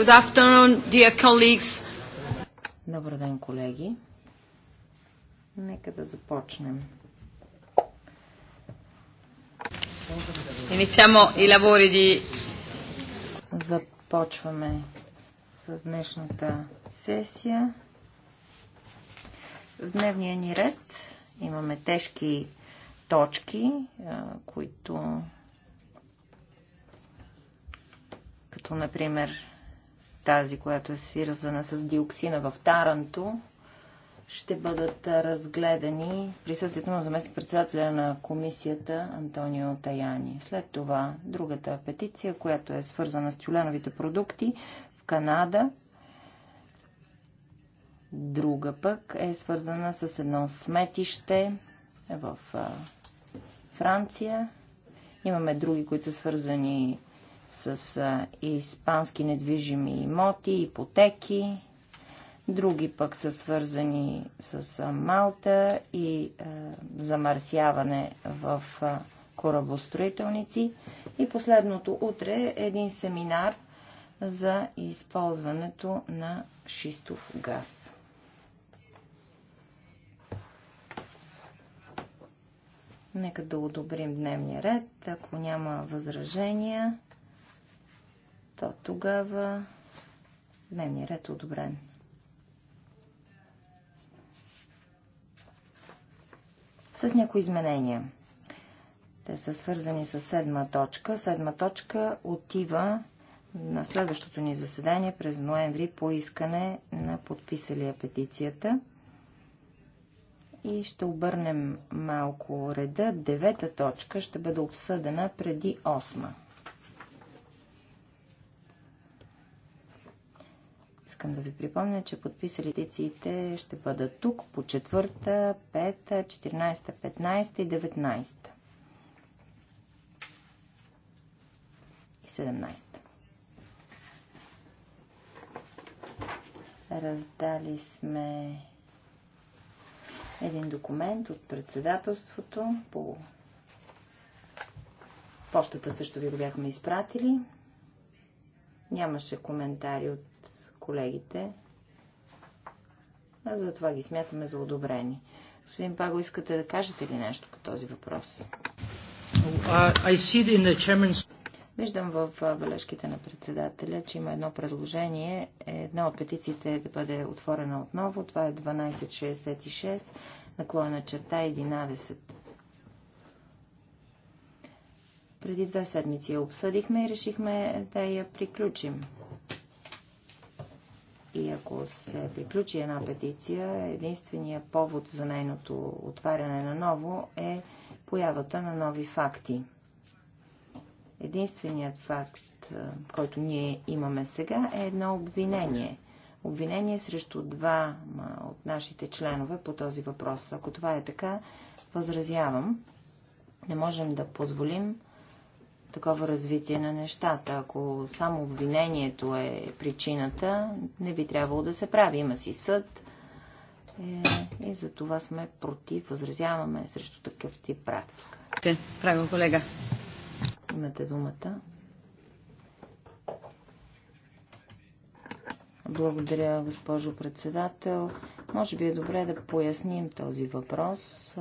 Good afternoon, dear colleagues. Добър ден, колеги. Нека да започнем. Iniziamo i lavori di... Започваме с днешната сесия. В дневния ни ред имаме тежки точки, които като например тази, която е свързана с диоксина в Таранто, ще бъдат разгледани присъствието на заместник председателя на комисията Антонио Таяни. След това другата петиция, която е свързана с тюленовите продукти в Канада. Друга пък е свързана с едно сметище в Франция. Имаме други, които са свързани с испански недвижими имоти, ипотеки, други пък са свързани с Малта и а, замърсяване в а, корабостроителници. И последното утре е един семинар за използването на шистов газ. Нека да одобрим дневния ред. Ако няма възражения, то тогава дневният ред е одобрен. С някои изменения. Те са свързани с седма точка. Седма точка отива на следващото ни заседание през ноември по искане на подписалия петицията. И ще обърнем малко реда. Девета точка ще бъде обсъдена преди осма. Искам да ви припомня, че подписали петициите ще бъдат тук по четвърта, пета, 14, 15 и 19. И 17. Раздали сме един документ от председателството по почтата също ви го бяхме изпратили. Нямаше коментари от колегите. А затова ги смятаме за одобрени. Господин Паго, искате да кажете ли нещо по този въпрос? Виждам в бележките на председателя, че има едно предложение. Е, една от петициите е да бъде отворена отново. Това е 1266, наклона черта 11. Преди две седмици я обсъдихме и решихме да я приключим. И ако се приключи една петиция, единствения повод за нейното отваряне на ново е появата на нови факти. Единственият факт, който ние имаме сега, е едно обвинение. Обвинение срещу два от нашите членове по този въпрос. Ако това е така, възразявам. Не можем да позволим такова развитие на нещата. Ако само обвинението е причината, не би трябвало да се прави. Има си съд е, и за това сме против, възразяваме срещу такъв тип практика. Те, правил колега. Имате думата. Благодаря, госпожо председател. Може би е добре да поясним този въпрос,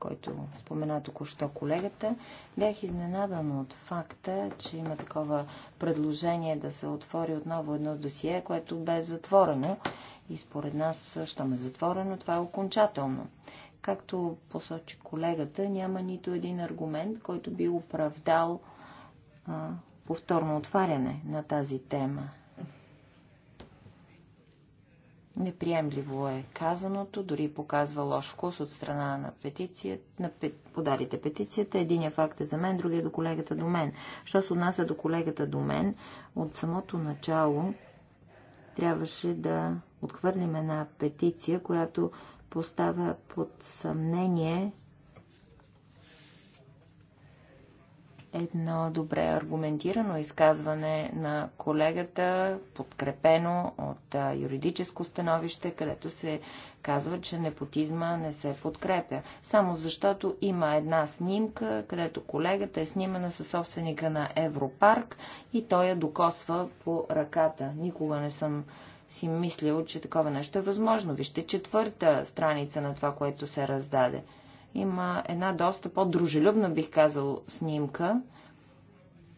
който спомена току-що колегата. Бях изненадан от факта, че има такова предложение да се отвори отново едно досие, което бе затворено. И според нас, щом е затворено, това е окончателно. Както посочи колегата, няма нито един аргумент, който би оправдал повторно отваряне на тази тема. Неприемливо е казаното, дори показва лош вкус от страна на, петиция, на пет, подарите петицията. Единият факт е за мен, другия е до колегата до мен. Що се отнася до колегата до мен, от самото начало трябваше да отхвърлим една петиция, която поставя под съмнение едно добре аргументирано изказване на колегата, подкрепено от юридическо становище, където се казва, че непотизма не се подкрепя. Само защото има една снимка, където колегата е снимана със собственика на Европарк и той я докосва по ръката. Никога не съм си мислил, че такова нещо е възможно. Вижте четвърта страница на това, което се раздаде – има една доста по-дружелюбна, бих казал, снимка,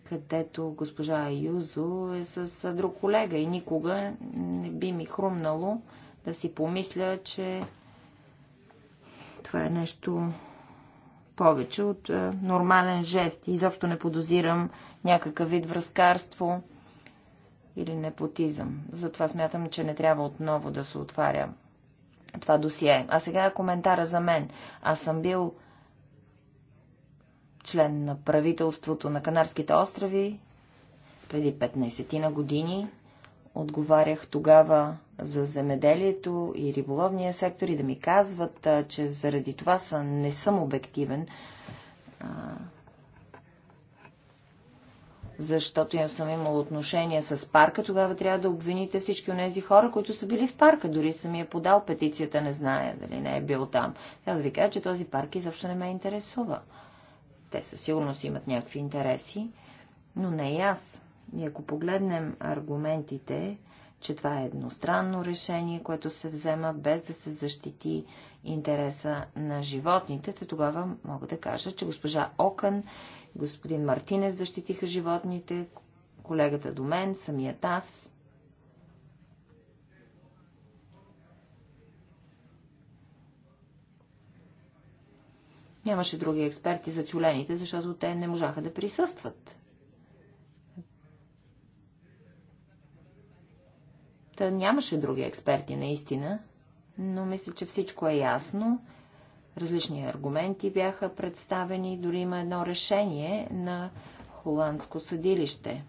където госпожа Юзо е с друг колега и никога не би ми хрумнало да си помисля, че това е нещо повече от е, нормален жест. Изобщо не подозирам някакъв вид връзкарство или непотизъм. Затова смятам, че не трябва отново да се отваря това досие. А сега е коментара за мен. Аз съм бил член на правителството на Канарските острови преди 15 на години. Отговарях тогава за земеделието и риболовния сектор и да ми казват, че заради това са, не съм обективен защото я съм имал отношение с парка, тогава трябва да обвините всички от тези хора, които са били в парка. Дори съм я подал петицията, не знае дали не е бил там. Трябва да ви кажа, че този парк изобщо не ме интересува. Те със сигурност имат някакви интереси, но не и аз. И ако погледнем аргументите, че това е едностранно решение, което се взема без да се защити интереса на животните, те тогава мога да кажа, че госпожа Окън господин Мартинес защитиха животните, колегата до мен, самият аз. Нямаше други експерти за тюлените, защото те не можаха да присъстват. Та нямаше други експерти, наистина, но мисля, че всичко е ясно. Различни аргументи бяха представени, дори има едно решение на холандско съдилище.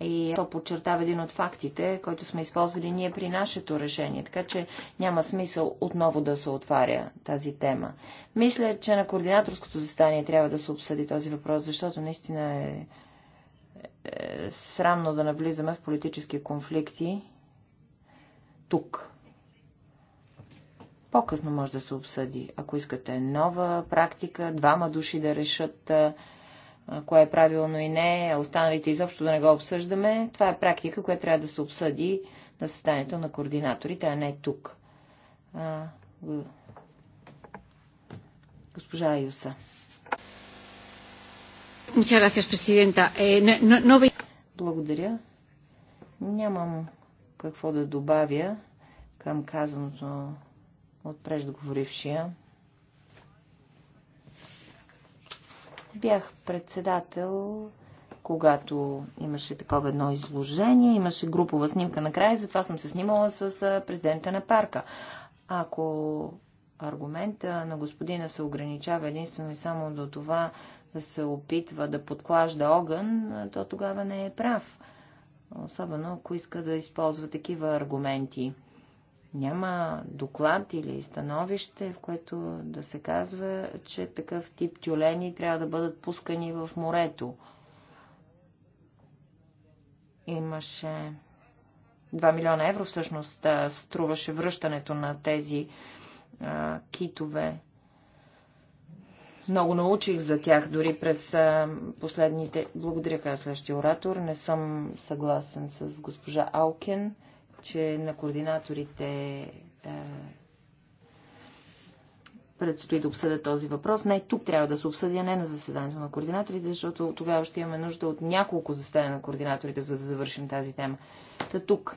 И то подчертава един от фактите, който сме използвали ние при нашето решение, така че няма смисъл отново да се отваря тази тема. Мисля, че на координаторското застание трябва да се обсъди този въпрос, защото наистина е, е срамно да навлизаме в политически конфликти тук. По-късно може да се обсъди. Ако искате нова практика, двама души да решат кое е правилно и не, а останалите изобщо да не го обсъждаме, това е практика, която трябва да се обсъди на състоянието на координаторите, а не тук. А, госпожа Аюса. Eh, Благодаря. Нямам какво да добавя към казаното от преждоговорившия. Бях председател, когато имаше такова едно изложение, имаше групова снимка накрая, затова съм се снимала с президента на парка. Ако аргумента на господина се ограничава единствено и само до това да се опитва да подклажда огън, то тогава не е прав. Особено ако иска да използва такива аргументи. Няма доклад или становище, в което да се казва, че такъв тип тюлени трябва да бъдат пускани в морето. Имаше 2 милиона евро всъщност струваше връщането на тези а, китове много научих за тях дори през последните... Благодаря, каза следващия оратор. Не съм съгласен с госпожа Алкен, че на координаторите е, предстои да обсъдя този въпрос. Не, тук трябва да се обсъди, а не на заседанието на координаторите, защото тогава ще имаме нужда от няколко заседания на координаторите, за да завършим тази тема. Та тук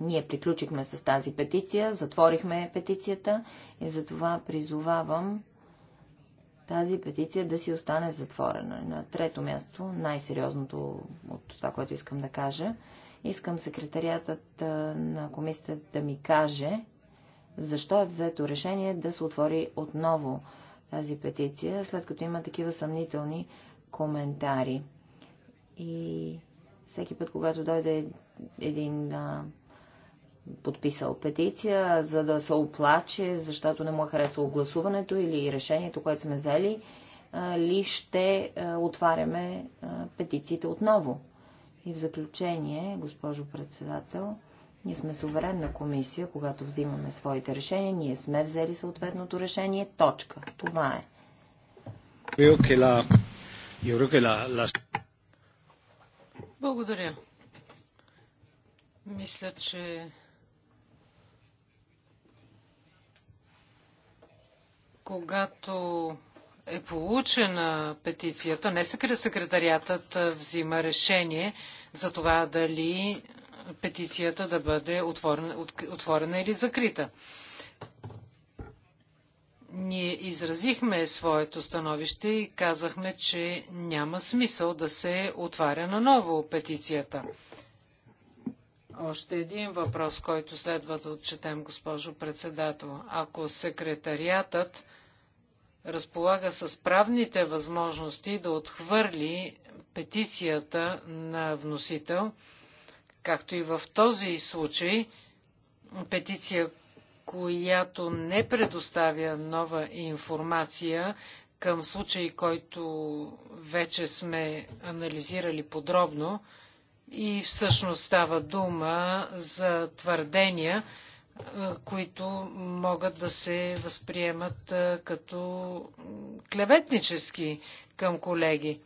ние приключихме с тази петиция, затворихме петицията и затова призовавам тази петиция да си остане затворена. На трето място, най-сериозното от това, което искам да кажа, искам секретариатът на комисията да ми каже защо е взето решение да се отвори отново тази петиция, след като има такива съмнителни коментари. И всеки път, когато дойде един а, подписал петиция, за да се оплаче, защото не му е харесало гласуването или решението, което сме взели, ли ще отваряме петициите отново. И в заключение, госпожо председател, ние сме суверенна комисия, когато взимаме своите решения, ние сме взели съответното решение. Точка. Това е. Благодаря. Мисля, че Когато е получена петицията, не секретариатът взима решение за това дали петицията да бъде отворена, отворена или закрита. Ние изразихме своето становище и казахме, че няма смисъл да се отваря наново петицията. Още един въпрос, който следва да отчетем, госпожо председател. Ако секретариатът разполага с правните възможности да отхвърли петицията на вносител, както и в този случай, петиция, която не предоставя нова информация към случай, който вече сме анализирали подробно, и всъщност става дума за твърдения, е, които могат да се възприемат е, като клеветнически към колеги.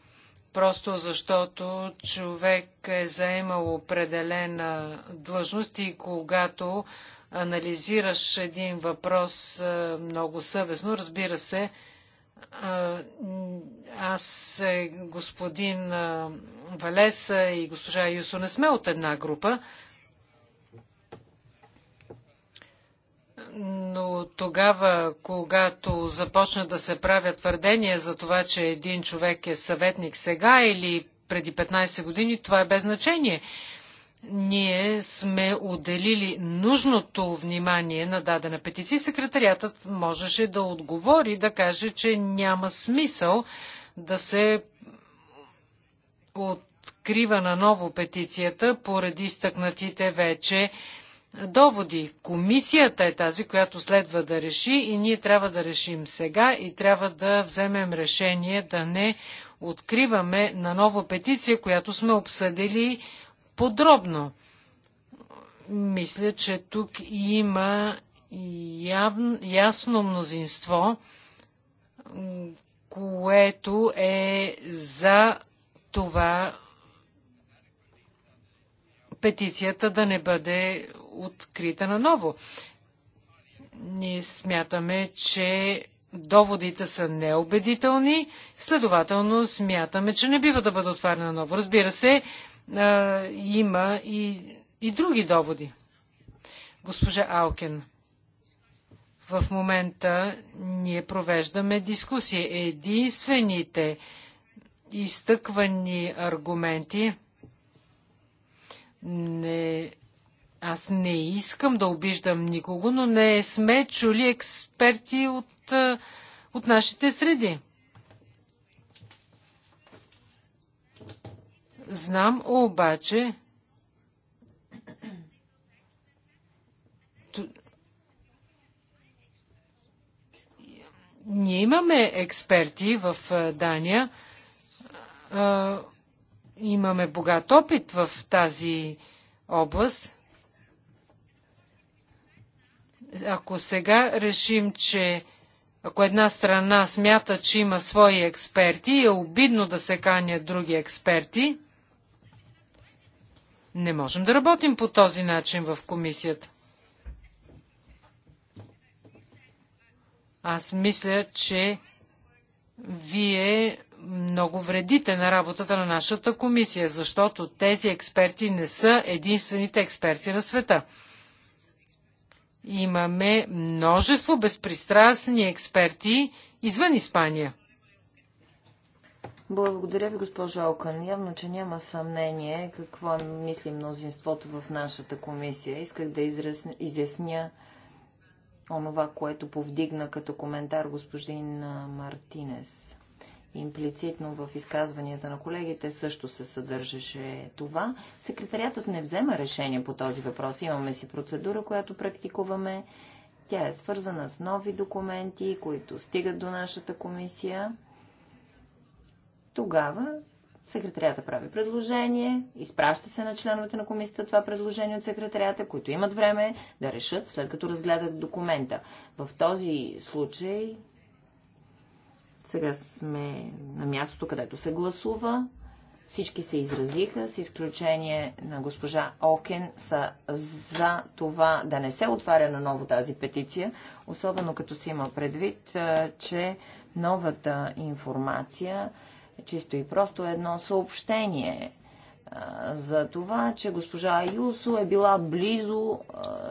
Просто защото човек е заемал определена длъжност и когато анализираш един въпрос е, много съвестно, разбира се, аз, е, господин Валеса и госпожа Юсо не сме от една група, но тогава, когато започна да се правят твърдения за това, че един човек е съветник сега или преди 15 години, това е без значение ние сме отделили нужното внимание на дадена петиция, секретариатът можеше да отговори, да каже, че няма смисъл да се открива на ново петицията поради стъкнатите вече доводи. Комисията е тази, която следва да реши и ние трябва да решим сега и трябва да вземем решение да не откриваме на ново петиция, която сме обсъдили подробно. Мисля, че тук има яв... ясно мнозинство, което е за това петицията да не бъде открита наново. Ние смятаме, че доводите са неубедителни, следователно смятаме, че не бива да бъде отварена наново. Разбира се, има и, и други доводи. Госпожа Алкен, в момента ние провеждаме дискусия. Единствените изтъквани аргументи не аз не искам да обиждам никого, но не сме чули експерти от, от нашите среди. Знам обаче, ние имаме експерти в Дания, имаме богат опит в тази област. Ако сега решим, че ако една страна смята, че има свои експерти е обидно да се канят други експерти, не можем да работим по този начин в комисията. Аз мисля, че вие много вредите на работата на нашата комисия, защото тези експерти не са единствените експерти на света. Имаме множество безпристрастни експерти извън Испания. Благодаря ви, госпожо Окън. Явно, че няма съмнение какво мисли мнозинството в нашата комисия. Исках да изясня онова, което повдигна като коментар господин Мартинес. Имплицитно в изказванията на колегите също се съдържаше това. Секретариатът не взема решение по този въпрос. Имаме си процедура, която практикуваме. Тя е свързана с нови документи, които стигат до нашата комисия тогава секретарията прави предложение, изпраща се на членовете на комисията това предложение от секретарията, които имат време да решат, след като разгледат документа. В този случай сега сме на мястото, където се гласува. Всички се изразиха, с изключение на госпожа Окен, са за това да не се отваря на ново тази петиция, особено като си има предвид, е, че новата информация чисто и просто едно съобщение за това, че госпожа Юсо е била близо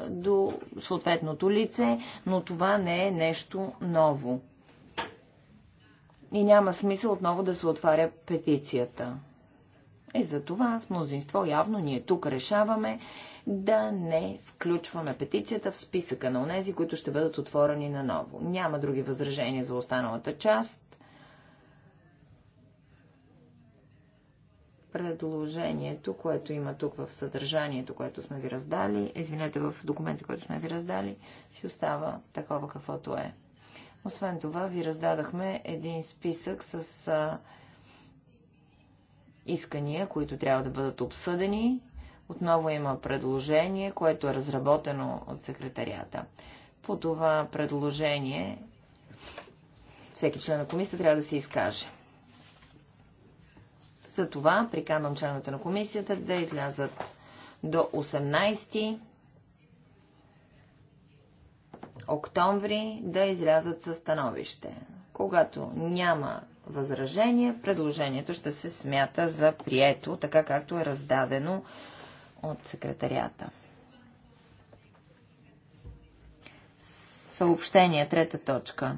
до съответното лице, но това не е нещо ново. И няма смисъл отново да се отваря петицията. И за това с мнозинство явно ние тук решаваме да не включваме петицията в списъка на онези, които ще бъдат отворени наново. Няма други възражения за останалата част предложението, което има тук в съдържанието, което сме ви раздали, извинете, в документа, който сме ви раздали, си остава такова каквото е. Освен това, ви раздадахме един списък с а, искания, които трябва да бъдат обсъдени. Отново има предложение, което е разработено от секретарията. По това предложение всеки член на комисията трябва да се изкаже. Затова приканвам членовете на комисията да излязат до 18 октомври да излязат със становище. Когато няма възражение, предложението ще се смята за прието, така както е раздадено от секретарията. Съобщение, трета точка.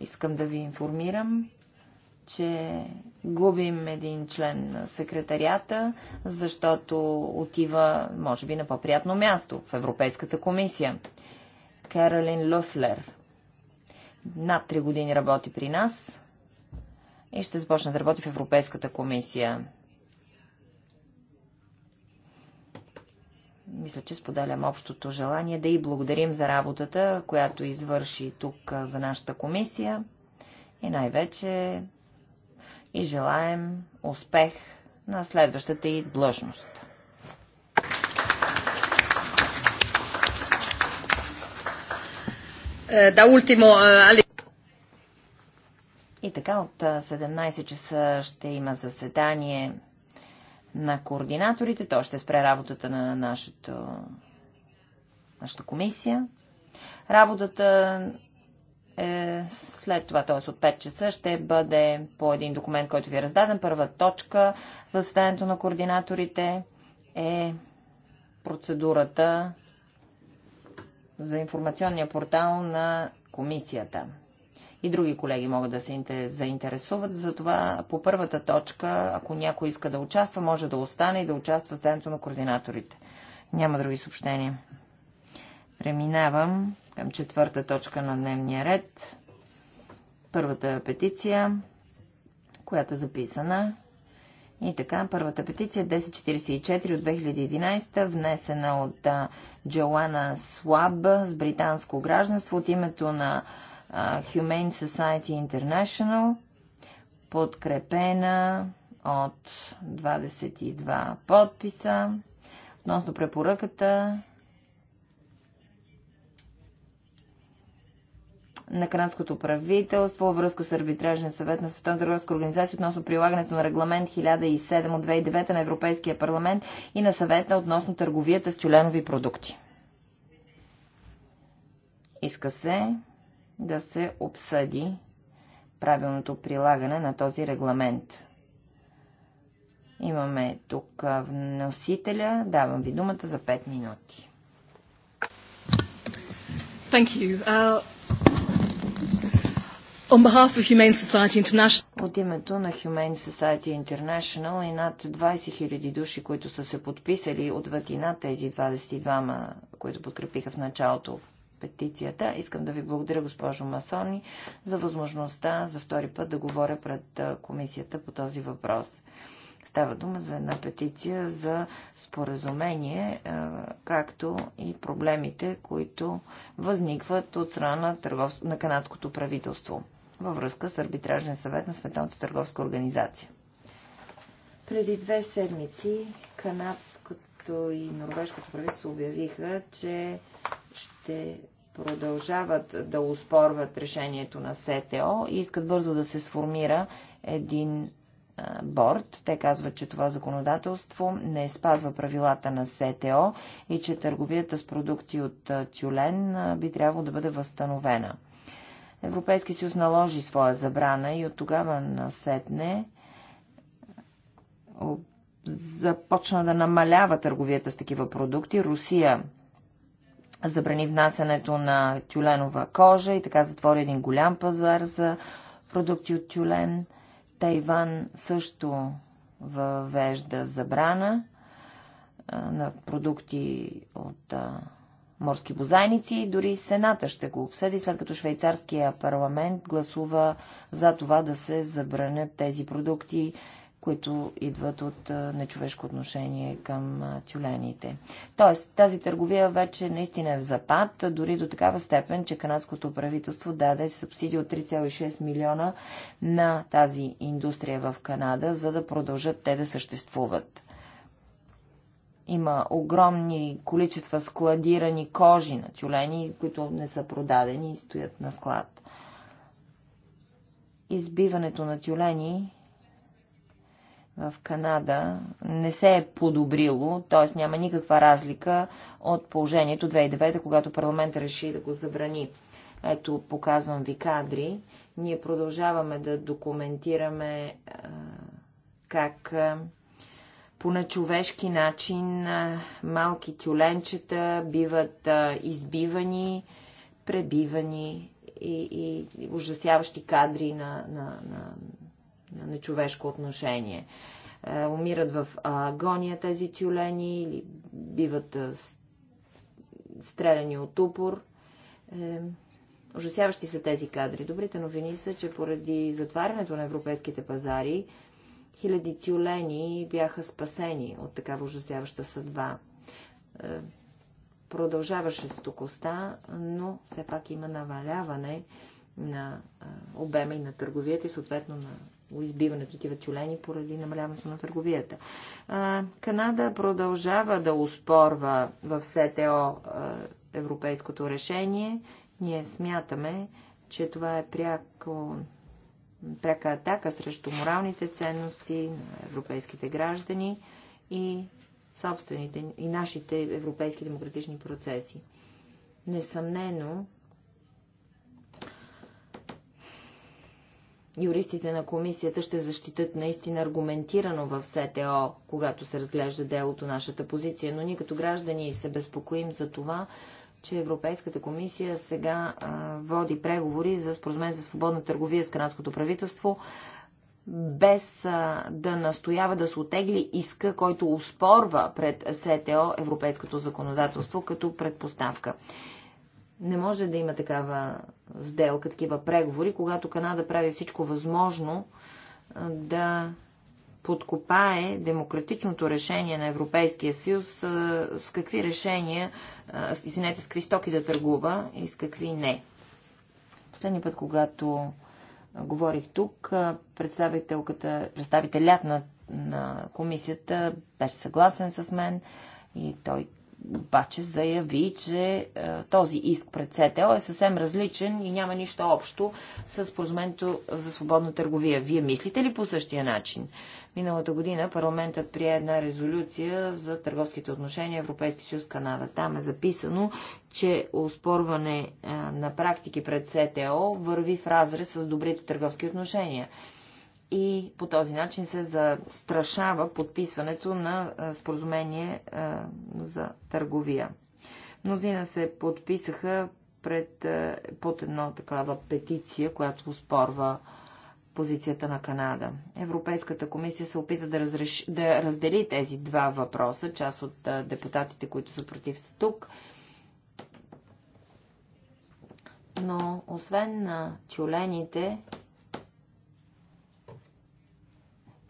Искам да ви информирам, че губим един член на секретарията, защото отива, може би, на по-приятно място в Европейската комисия. Каролин Люфлер над 3 години работи при нас и ще започне да работи в Европейската комисия. мисля, че споделям общото желание да и благодарим за работата, която извърши тук за нашата комисия и най-вече и желаем успех на следващата и длъжност. Е, да, е, Али. И така от 17 е, часа ще има заседание на координаторите. То ще спре работата на нашата комисия. Работата е, след това, т.е. от 5 часа, ще бъде по един документ, който ви е раздаден. Първа точка за заседанието на координаторите е процедурата за информационния портал на комисията. И други колеги могат да се заинтересуват. Затова по първата точка, ако някой иска да участва, може да остане и да участва в заседанието на координаторите. Няма други съобщения. Преминавам към четвърта точка на дневния ред. Първата петиция, която е записана. И така, първата петиция 1044 е от 2011, внесена от Джоана Слаб с британско гражданство от името на Humane Society International, подкрепена от 22 подписа относно препоръката на канадското правителство във връзка с арбитражен съвет на Световната търговска организация относно прилагането на регламент 1007 от 2009 на Европейския парламент и на съвета относно търговията с тюленови продукти. Иска се да се обсъди правилното прилагане на този регламент. Имаме тук вносителя. Давам ви думата за 5 минути. Thank you. Uh, On behalf of Humane Society International. От името на Humane Society International и над 20 000 души, които са се подписали отвъд и над тези 22, които подкрепиха в началото петицията. Искам да ви благодаря, госпожо Масони, за възможността за втори път да говоря пред комисията по този въпрос. Става дума за една петиция за споразумение, както и проблемите, които възникват от страна на, търгов... на канадското правителство във връзка с арбитражен съвет на Световната търговска организация. Преди две седмици канадското и норвежкото правителство обявиха, че ще продължават да успорват решението на СТО и искат бързо да се сформира един борт. Те казват, че това законодателство не спазва правилата на СТО и че търговията с продукти от тюлен би трябвало да бъде възстановена. Европейски съюз наложи своя забрана и от тогава насетне започна да намалява търговията с такива продукти. Русия забрани внасянето на тюленова кожа и така затвори един голям пазар за продукти от тюлен. Тайван също въвежда забрана на продукти от морски бозайници. Дори Сената ще го обсъди, след като швейцарския парламент гласува за това да се забранят тези продукти, които идват от нечовешко отношение към тюлените. Тоест, тази търговия вече наистина е в запад, дори до такава степен, че канадското правителство даде субсидия от 3,6 милиона на тази индустрия в Канада, за да продължат те да съществуват. Има огромни количества складирани кожи на тюлени, които не са продадени и стоят на склад. Избиването на тюлени в Канада не се е подобрило, т.е. няма никаква разлика от положението 2009, когато парламент реши да го забрани. Ето, показвам ви кадри. Ние продължаваме да документираме как по нечовешки начин малки тюленчета биват избивани, пребивани и, и ужасяващи кадри на, на, на, на нечовешко отношение. Умират в агония тези тюлени или биват стреляни от упор. Е, ужасяващи са тези кадри. Добрите новини са, че поради затварянето на европейските пазари, Хиляди тюлени бяха спасени от такава ужасяваща съдба. Е, продължаваше стокоста, но все пак има наваляване на е, обема и на търговията и съответно на избиването тива тюлени поради намаляването на търговията. Е, Канада продължава да успорва в СТО европейското решение. Ние смятаме, че това е пряко пряка атака срещу моралните ценности на европейските граждани и собствените и нашите европейски демократични процеси. Несъмнено, юристите на комисията ще защитат наистина аргументирано в СТО, когато се разглежда делото нашата позиция, но ние като граждани се безпокоим за това, че Европейската комисия сега а, води преговори за споразумение за свободна търговия с канадското правителство, без а, да настоява да се отегли иска, който успорва пред СТО европейското законодателство като предпоставка. Не може да има такава сделка, такива преговори, когато Канада прави всичко възможно да подкопае демократичното решение на Европейския съюз с какви решения, извинете, с какви стоки да търгува и с какви не. Последния път, когато говорих тук, представителката, представителят на, на комисията беше съгласен с мен и той обаче заяви, че е, този иск пред СТО е съвсем различен и няма нищо общо с поразумението за свободна търговия. Вие мислите ли по същия начин? Миналата година парламентът прие една резолюция за търговските отношения Европейски съюз Канада. Там е записано, че оспорване е, на практики пред СТО върви в разрез с добрите търговски отношения и по този начин се застрашава подписването на споразумение за търговия. Мнозина се подписаха пред, под една такава петиция, която спорва позицията на Канада. Европейската комисия се опита да, разреш... да раздели тези два въпроса. Част от депутатите, които са против, са тук. Но освен на тюлените,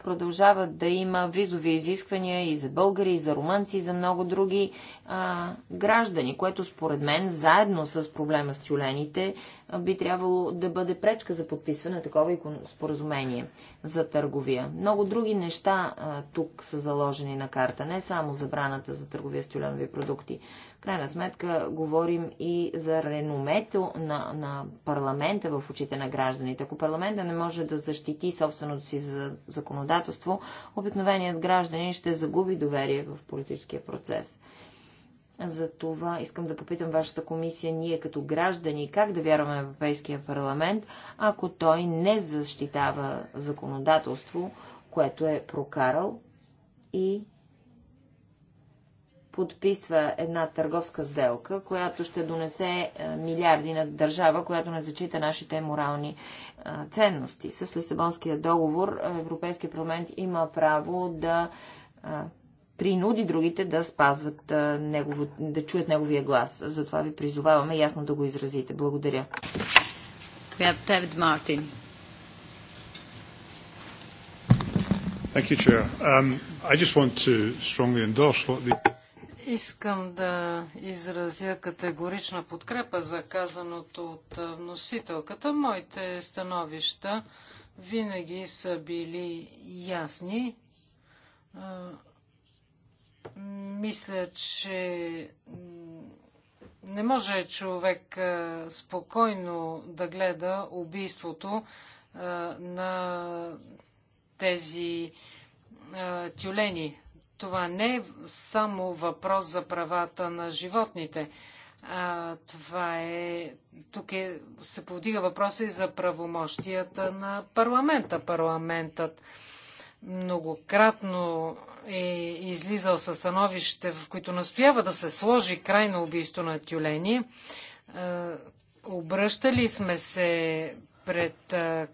продължават да има визови изисквания и за българи, и за румънци, и за много други а, граждани, което според мен, заедно с проблема с тюлените, би трябвало да бъде пречка за подписване на такова споразумение за търговия. Много други неща а, тук са заложени на карта, не само забраната за търговия с тюленови продукти крайна сметка говорим и за реномето на, на парламента в очите на гражданите. Ако парламента не може да защити собственото си за законодателство, обикновеният гражданин ще загуби доверие в политическия процес. За това искам да попитам вашата комисия, ние като граждани, как да вярваме в Европейския парламент, ако той не защитава законодателство, което е прокарал и подписва една търговска сделка, която ще донесе е, милиарди на държава, която не зачита нашите морални е, ценности. С Лисабонския договор е, Европейския парламент има право да принуди другите да спазват негово, да чуят неговия глас. Затова ви призоваваме ясно да го изразите. Благодаря. Thank you, Chair. Um, I just want to strongly endorse what the... Искам да изразя категорична подкрепа за казаното от вносителката. Моите становища винаги са били ясни. Мисля, че не може човек спокойно да гледа убийството на тези тюлени това не е само въпрос за правата на животните. А, това е... Тук е, се повдига въпроса и за правомощията на парламента. Парламентът многократно е излизал със становище, в които настоява да се сложи край на убийство на тюлени. А, обръщали сме се пред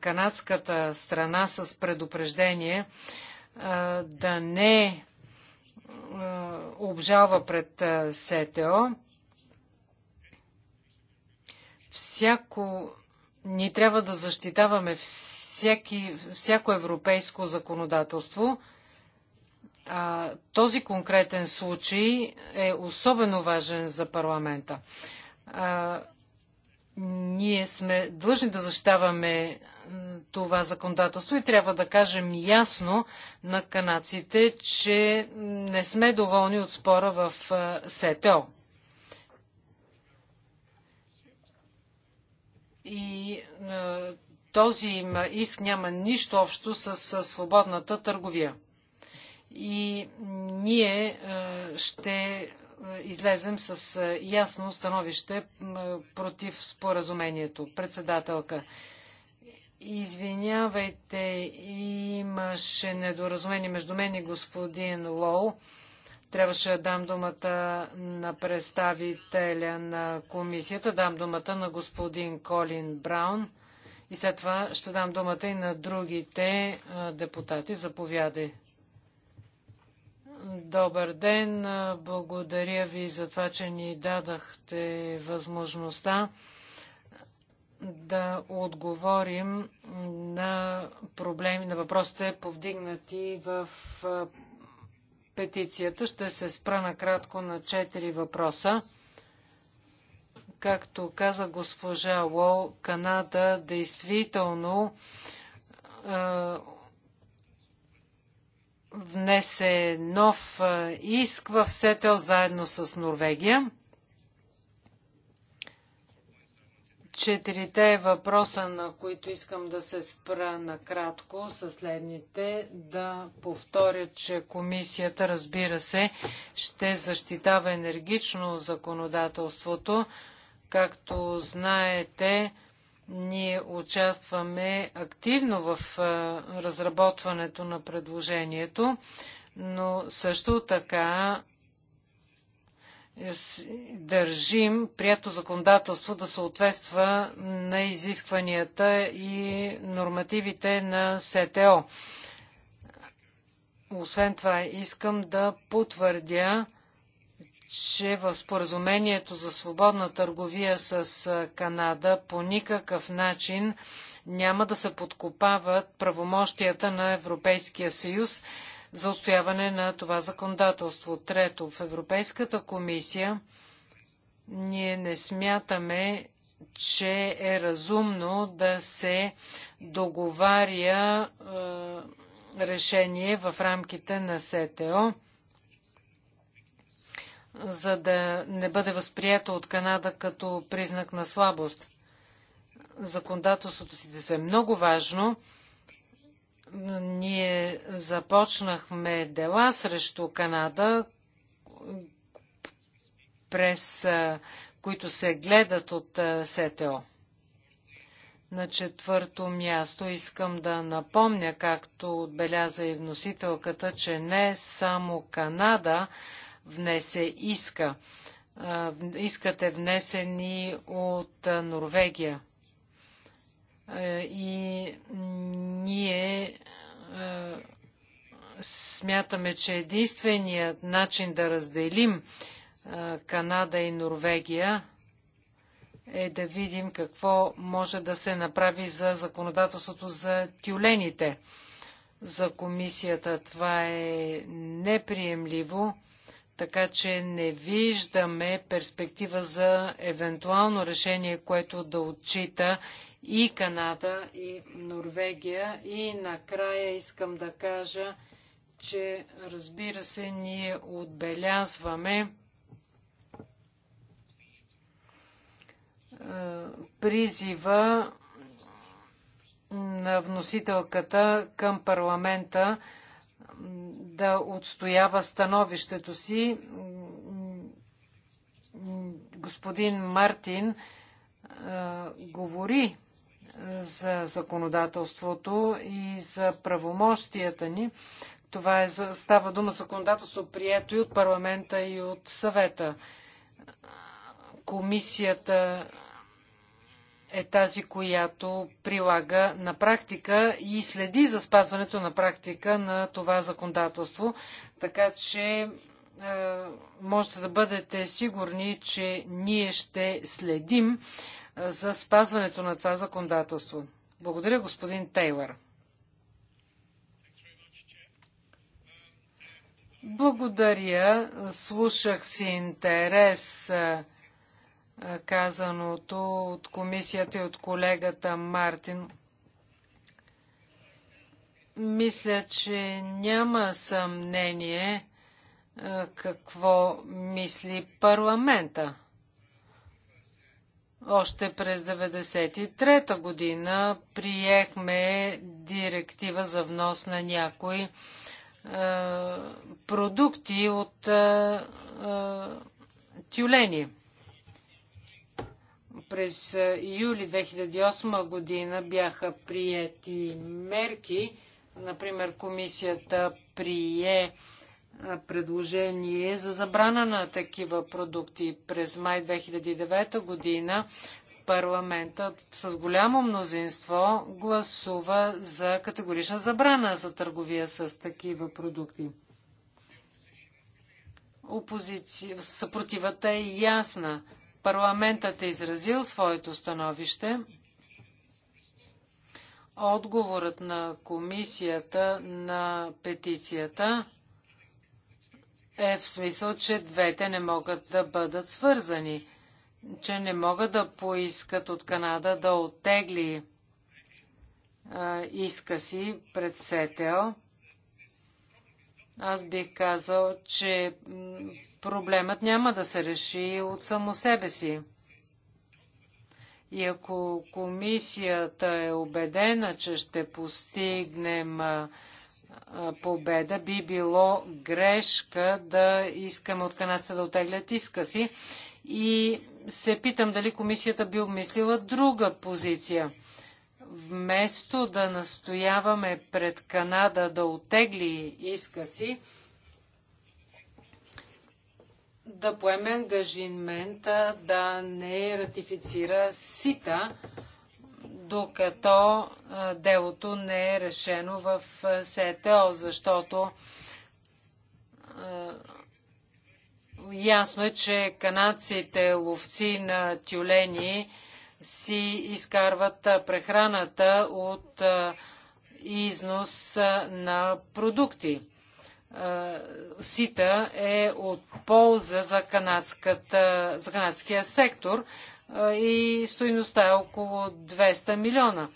канадската страна с предупреждение а, да не е, обжалва пред е, СТО. Всяко... Ние трябва да защитаваме всяки, всяко европейско законодателство. А, този конкретен случай е особено важен за парламента. А, ние сме длъжни да защитаваме това законодателство и трябва да кажем ясно на канадците, че не сме доволни от спора в СТО. И този иск няма нищо общо с свободната търговия. И ние ще излезем с ясно становище против споразумението. Председателка, Извинявайте, имаше недоразумение между мен и господин Лоу. Трябваше да дам думата на представителя на комисията, дам думата на господин Колин Браун и след това ще дам думата и на другите депутати. Заповядай. Добър ден! Благодаря ви за това, че ни дадахте възможността да отговорим на проблеми, на въпросите повдигнати в петицията. Ще се спра накратко на четири въпроса. Както каза госпожа Лоу, Канада действително е, внесе нов иск в СЕТЕЛ заедно с Норвегия. Четирите въпроса, на които искам да се спра накратко, са следните. Да повторя, че комисията, разбира се, ще защитава енергично законодателството. Както знаете, ние участваме активно в разработването на предложението, но също така държим прието законодателство да съответства на изискванията и нормативите на СТО. Освен това, искам да потвърдя, че в споразумението за свободна търговия с Канада по никакъв начин няма да се подкопават правомощията на Европейския съюз за устояване на това законодателство. Трето, в Европейската комисия ние не смятаме, че е разумно да се договаря е, решение в рамките на СТО, за да не бъде възприето от Канада като признак на слабост. Законодателството си да се е много важно, ние започнахме дела срещу Канада, през които се гледат от СТО. На четвърто място искам да напомня, както отбеляза и вносителката, че не само Канада внесе иска. Искът е внесен и от Норвегия. Е, и ние е, смятаме, че единственият начин да разделим е, Канада и Норвегия е да видим какво може да се направи за законодателството за тюлените. За комисията това е неприемливо, така че не виждаме перспектива за евентуално решение, което да отчита и Канада, и Норвегия. И накрая искам да кажа, че разбира се, ние отбелязваме призива на вносителката към парламента да отстоява становището си. Господин Мартин говори за законодателството и за правомощията ни. Това е, става дума законодателство, прието и от парламента, и от съвета. Комисията е тази, която прилага на практика и следи за спазването на практика на това законодателство. Така че е, можете да бъдете сигурни, че ние ще следим за спазването на това законодателство. Благодаря, господин Тейлър. Благодаря. Слушах си интерес казаното от комисията и от колегата Мартин. Мисля, че няма съмнение какво мисли парламента. Още през 1993 година приехме директива за внос на някои е, продукти от е, е, тюлени. През е, юли 2008 година бяха приети мерки. Например, комисията прие предложение за забрана на такива продукти. През май 2009 година парламентът с голямо мнозинство гласува за категорична забрана за търговия с такива продукти. Съпротивата е ясна. Парламентът е изразил своето становище. Отговорът на комисията на петицията е в смисъл, че двете не могат да бъдат свързани, че не могат да поискат от Канада да оттегли а, иска си пред СЕТЕО. Аз бих казал, че проблемът няма да се реши от само себе си. И ако комисията е убедена, че ще постигнем а, победа, би било грешка да искаме от канаста да отеглят иска си. И се питам дали комисията би обмислила друга позиция. Вместо да настояваме пред Канада да отегли иска си, да поеме ангажимента да не ратифицира СИТА, докато делото не е решено в СТО, защото ясно е, че канадците ловци на тюлени си изкарват прехраната от износ на продукти. Сита е от полза за, за канадския сектор, и стоиността е около 200 милиона.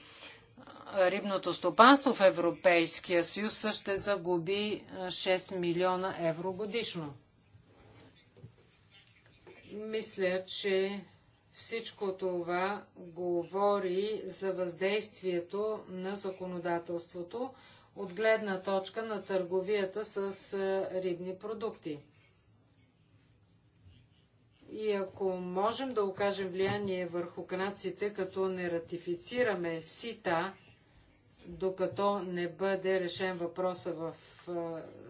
Рибното стопанство в Европейския съюз ще загуби 6 милиона евро годишно. Мисля, че всичко това говори за въздействието на законодателството от гледна точка на търговията с рибни продукти. И ако можем да окажем влияние върху канадците, като не ратифицираме СИТА, докато не бъде решен въпроса в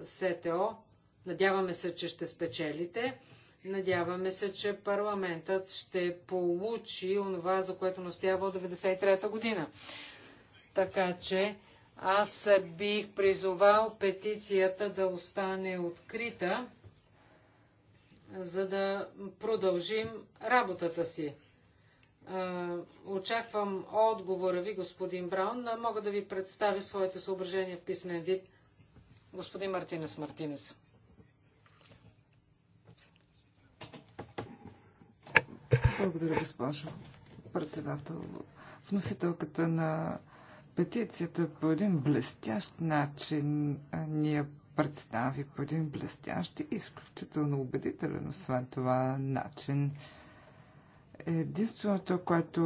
СТО, надяваме се, че ще спечелите. Надяваме се, че парламентът ще получи онова, за което настоява от 1993 година. Така че аз бих призовал петицията да остане открита за да продължим работата си. Очаквам отговора ви, господин Браун. но Мога да ви представя своите съображения в писмен вид. Господин Мартинес Мартинес. Благодаря, госпожо председател. Вносителката на петицията е по един блестящ начин ни я представи по един блестящ и изключително убедителен, освен това, начин. Единственото, което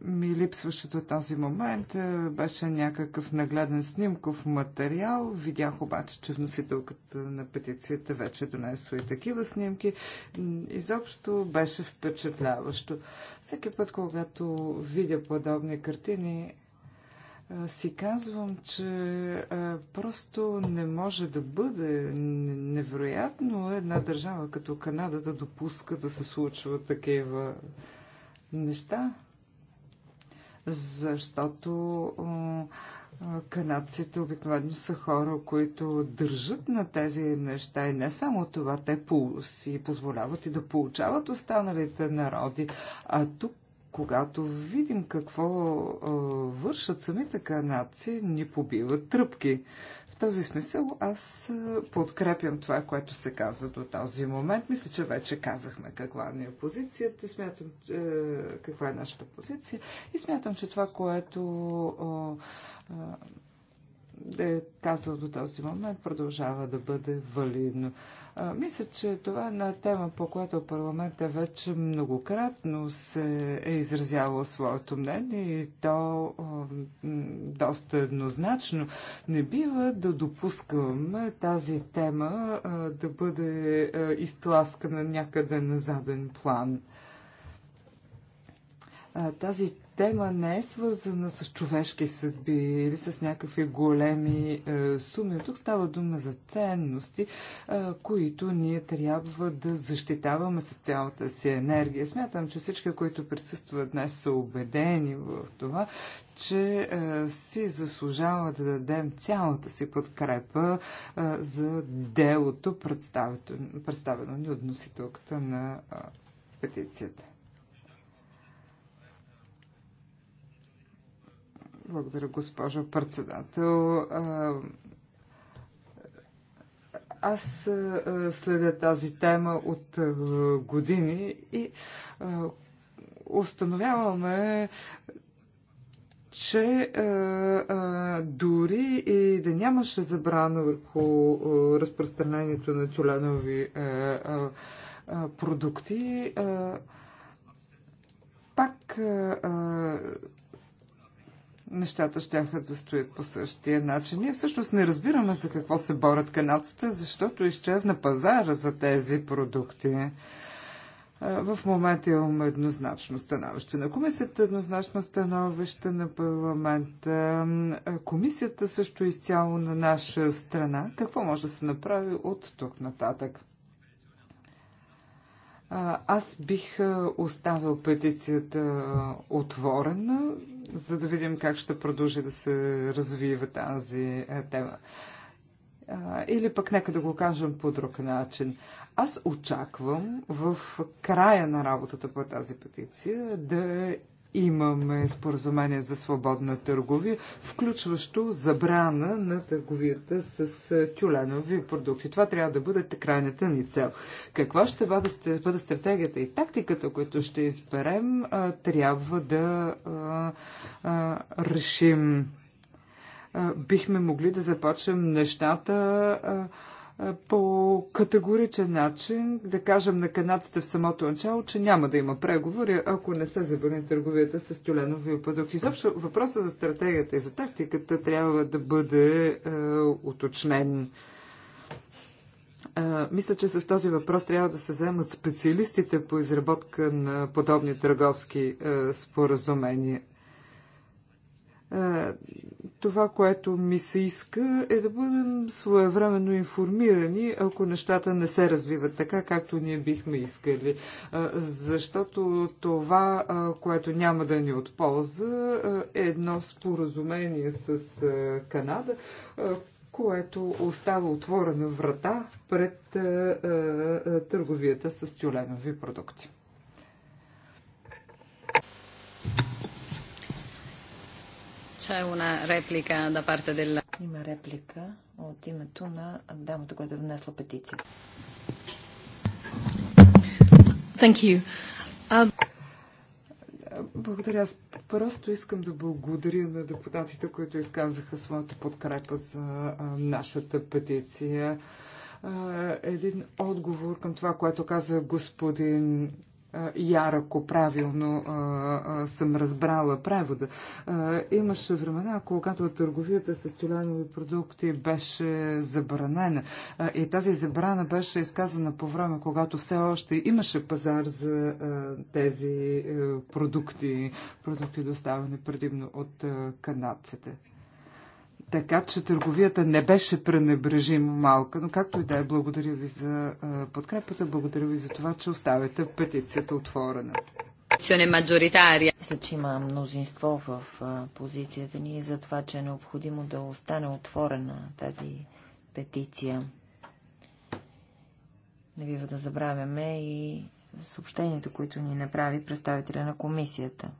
ми липсваше до този момент е, беше някакъв нагледен снимков материал. Видях обаче, че вносителката на петицията вече е донесла и такива снимки. Изобщо беше впечатляващо. Всеки път, когато видя подобни картини, си казвам, че просто не може да бъде невероятно една държава като Канада да допуска да се случват такива неща. Защото канадците обикновено са хора, които държат на тези неща и не само това, те си позволяват и да получават останалите народи. А тук когато видим какво а, вършат самите канадци, ни побиват тръпки. В този смисъл аз подкрепям това, което се каза до този момент. Мисля, че вече казахме каква ни е позицията, смятам, че, каква е нашата позиция и смятам, че това, което а, а, е казал до този момент, продължава да бъде валидно. А, мисля, че това е една тема, по която парламента вече многократно се е изразявал своето мнение и то а, доста еднозначно. Не бива да допускаме тази тема а, да бъде а, изтласкана някъде на заден план. А, тази тема не е свързана с човешки съдби или с някакви големи е, суми. Тук става дума за ценности, е, които ние трябва да защитаваме с цялата си енергия. Смятам, че всички, които присъстват днес, са убедени в това, че е, си заслужава да дадем цялата си подкрепа е, за делото, представено ни от носителката на е, петицията. Благодаря, госпожо председател. Аз следя тази тема от години и установяваме, че дори и да нямаше забрана върху разпространението на тюленови продукти, пак нещата ще да стоят по същия начин. Ние всъщност не разбираме за какво се борят канадците, защото изчезна пазара за тези продукти. В момента имаме еднозначно становище на комисията, еднозначно становище на парламента. Комисията също изцяло на наша страна. Какво може да се направи от тук нататък? Аз бих оставил петицията отворена за да видим как ще продължи да се развива тази е, тема. Или пък нека да го кажем по друг начин. Аз очаквам в края на работата по тази петиция да имаме споразумение за свободна търговия, включващо забрана на търговията с е, тюленови продукти. Това трябва да бъде крайната ни цел. Каква ще бъде, стратегията и тактиката, които ще изберем, е, трябва да а, е, а, решим. бихме могли да започнем нещата. А, по категоричен начин да кажем на канадците в самото начало, че няма да има преговори, ако не се забрани търговията с тюленови продукти. Изобщо въпроса за стратегията и за тактиката трябва да бъде е, уточнен. Е, мисля, че с този въпрос трябва да се вземат специалистите по изработка на подобни търговски е, споразумения това, което ми се иска е да бъдем своевременно информирани, ако нещата не се развиват така, както ние бихме искали. Защото това, което няма да ни от полза, е едно споразумение с Канада, което остава отворена врата пред търговията с тюленови продукти. Има реплика от името на дамата, която е внесла петиция. Uh, благодаря. Аз просто искам да благодаря на депутатите, които изказаха своята подкрепа за нашата петиция. един отговор към това, което каза господин Яр, ако правилно а, а, съм разбрала превода. А, имаше времена, когато търговията с толянови продукти беше забранена. А, и тази забрана беше изказана по време, когато все още имаше пазар за а, тези а, продукти, продукти доставени предимно от а, канадците. Така че търговията не беше пренебрежимо малка, но както и да е, благодаря ви за подкрепата, благодаря ви за това, че оставяте петицията отворена. Мисля, че има мнозинство в позицията ни за това, че е необходимо да остане отворена тази петиция. Не бива да забравяме и съобщенията, които ни направи представителя на комисията.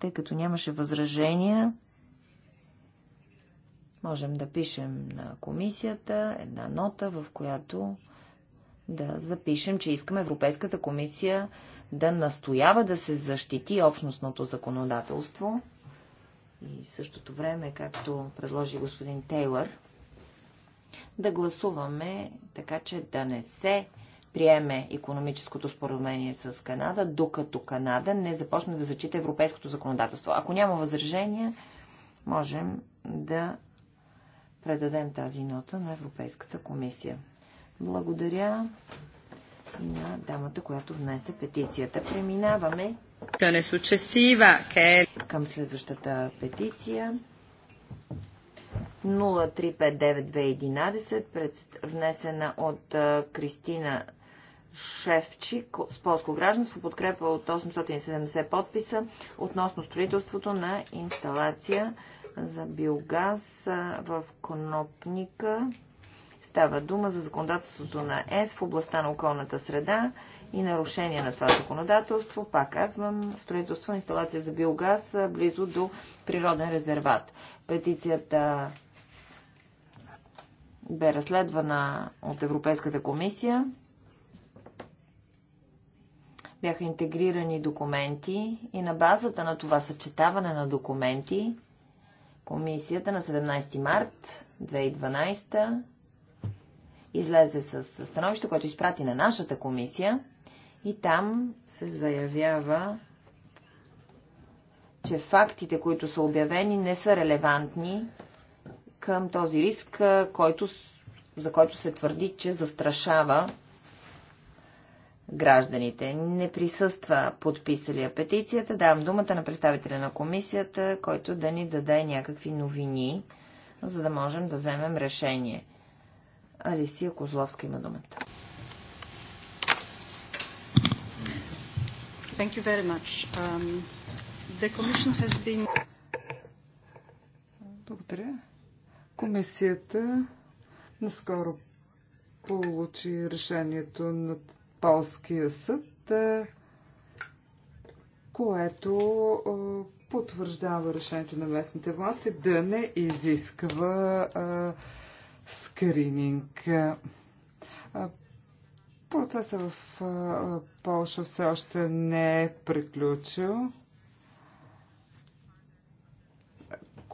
Тъй като нямаше възражения, можем да пишем на комисията една нота, в която да запишем, че искаме Европейската комисия да настоява да се защити общностното законодателство и в същото време, както предложи господин Тейлър, да гласуваме така, че да не се приеме економическото споразумение с Канада, докато Канада не започне да зачита европейското законодателство. Ако няма възражения, можем да предадем тази нота на Европейската комисия. Благодаря и на дамата, която внесе петицията. Преминаваме е към следващата петиция. 0359211, внесена от Кристина Шефчи с полско гражданство, подкрепа от 870 подписа относно строителството на инсталация за биогаз в Конопника. Става дума за законодателството на ЕС в областта на околната среда и нарушение на това законодателство. Пак казвам, строителство на инсталация за биогаз близо до природен резерват. Петицията бе разследвана от Европейската комисия бяха интегрирани документи и на базата на това съчетаване на документи комисията на 17 март 2012 излезе с становище, което изпрати на нашата комисия и там се заявява, че фактите, които са обявени, не са релевантни към този риск, който, за който се твърди, че застрашава гражданите. Не присъства подписалия петицията. Давам думата на представителя на комисията, който да ни даде някакви новини, за да можем да вземем решение. Алисия Козловска има думата. Thank you very much. Um, the commission has been... Благодаря. Комисията наскоро получи решението на полския съд, е, което е, потвърждава решението на местните власти да не изисква е, скрининг. Процесът в Полша все още не е приключил.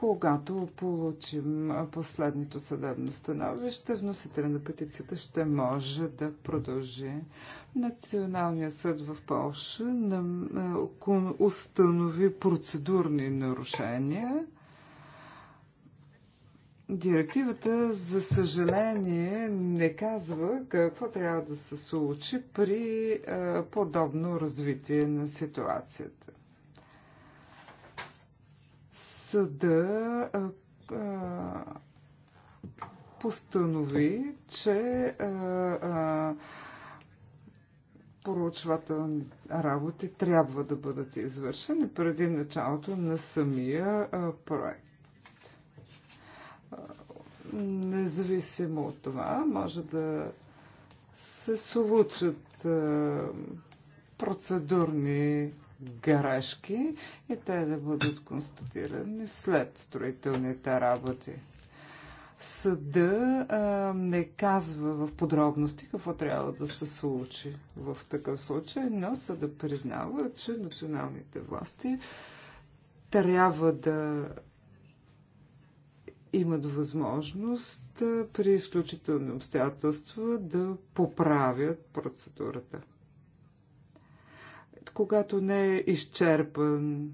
Когато получим последното съдебно становище, вносителя на петицията ще може да продължи. Националният съд в Польша установи процедурни нарушения. Директивата, за съжаление, не казва какво трябва да се случи при подобно развитие на ситуацията съда постанови, че поручвателни работи трябва да бъдат извършени преди началото на самия проект. Независимо от това, може да се случат процедурни грешки и те да бъдат констатирани след строителните работи. Съда а, не казва в подробности какво трябва да се случи в такъв случай, но съда признава, че националните власти трябва да имат възможност при изключителни обстоятелства да поправят процедурата когато не е изчерпан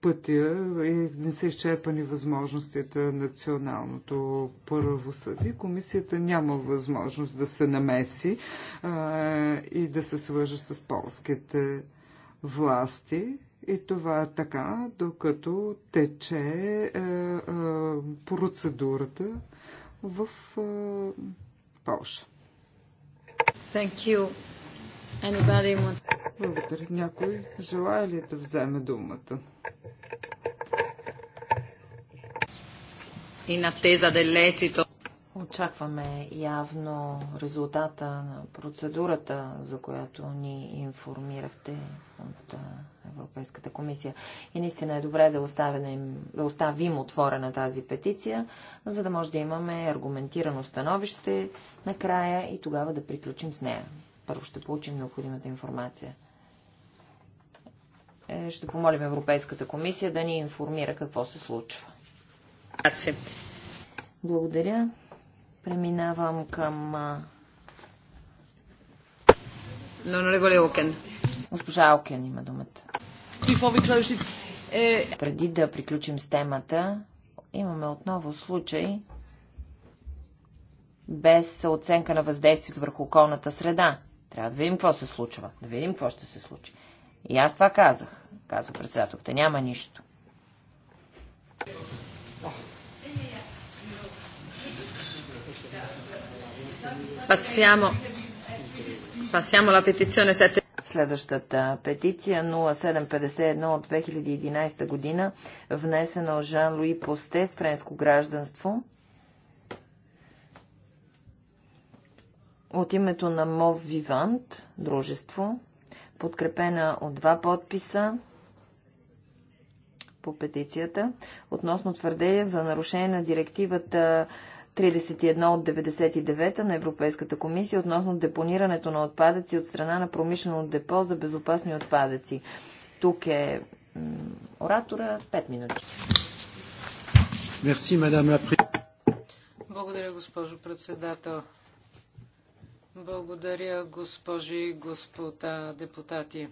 пътя и не са изчерпани възможностите на националното правосъдие. Комисията няма възможност да се намеси а, и да се свържа с полските власти. И това е така, докато тече е, е, процедурата в е, Польша. Thank you. Anybody want... Благодаря. Някой желая ли да вземе думата? In attesa делесито. Очакваме явно резултата на процедурата, за която ни информирахте от Европейската комисия. И наистина е добре да оставим, да оставим отворена тази петиция, за да може да имаме аргументирано становище накрая и тогава да приключим с нея. Първо ще получим необходимата информация. Е, ще помолим Европейската комисия да ни информира какво се случва. Благодаря. Преминавам към... Госпожа Алкен има думата. Е, Преди да приключим с темата, имаме отново случай без оценка на въздействието върху околната среда. Трябва да видим какво се случва. Да видим какво ще се случи. И аз това казах, казва председателката. Няма нищо. Пасямо на alla petizione 7. Следващата петиция 0751 е от 2011 година, внесена от Жан-Луи Посте с френско гражданство. От името на Мов Вивант, дружество, подкрепена от два подписа по петицията относно твърдение за нарушение на директивата 31 от 99 на Европейската комисия относно депонирането на отпадъци от страна на промишлено депо за безопасни отпадъци. Тук е оратора 5 минути. Благодаря, госпожо председател. Благодаря, госпожи и господа депутати.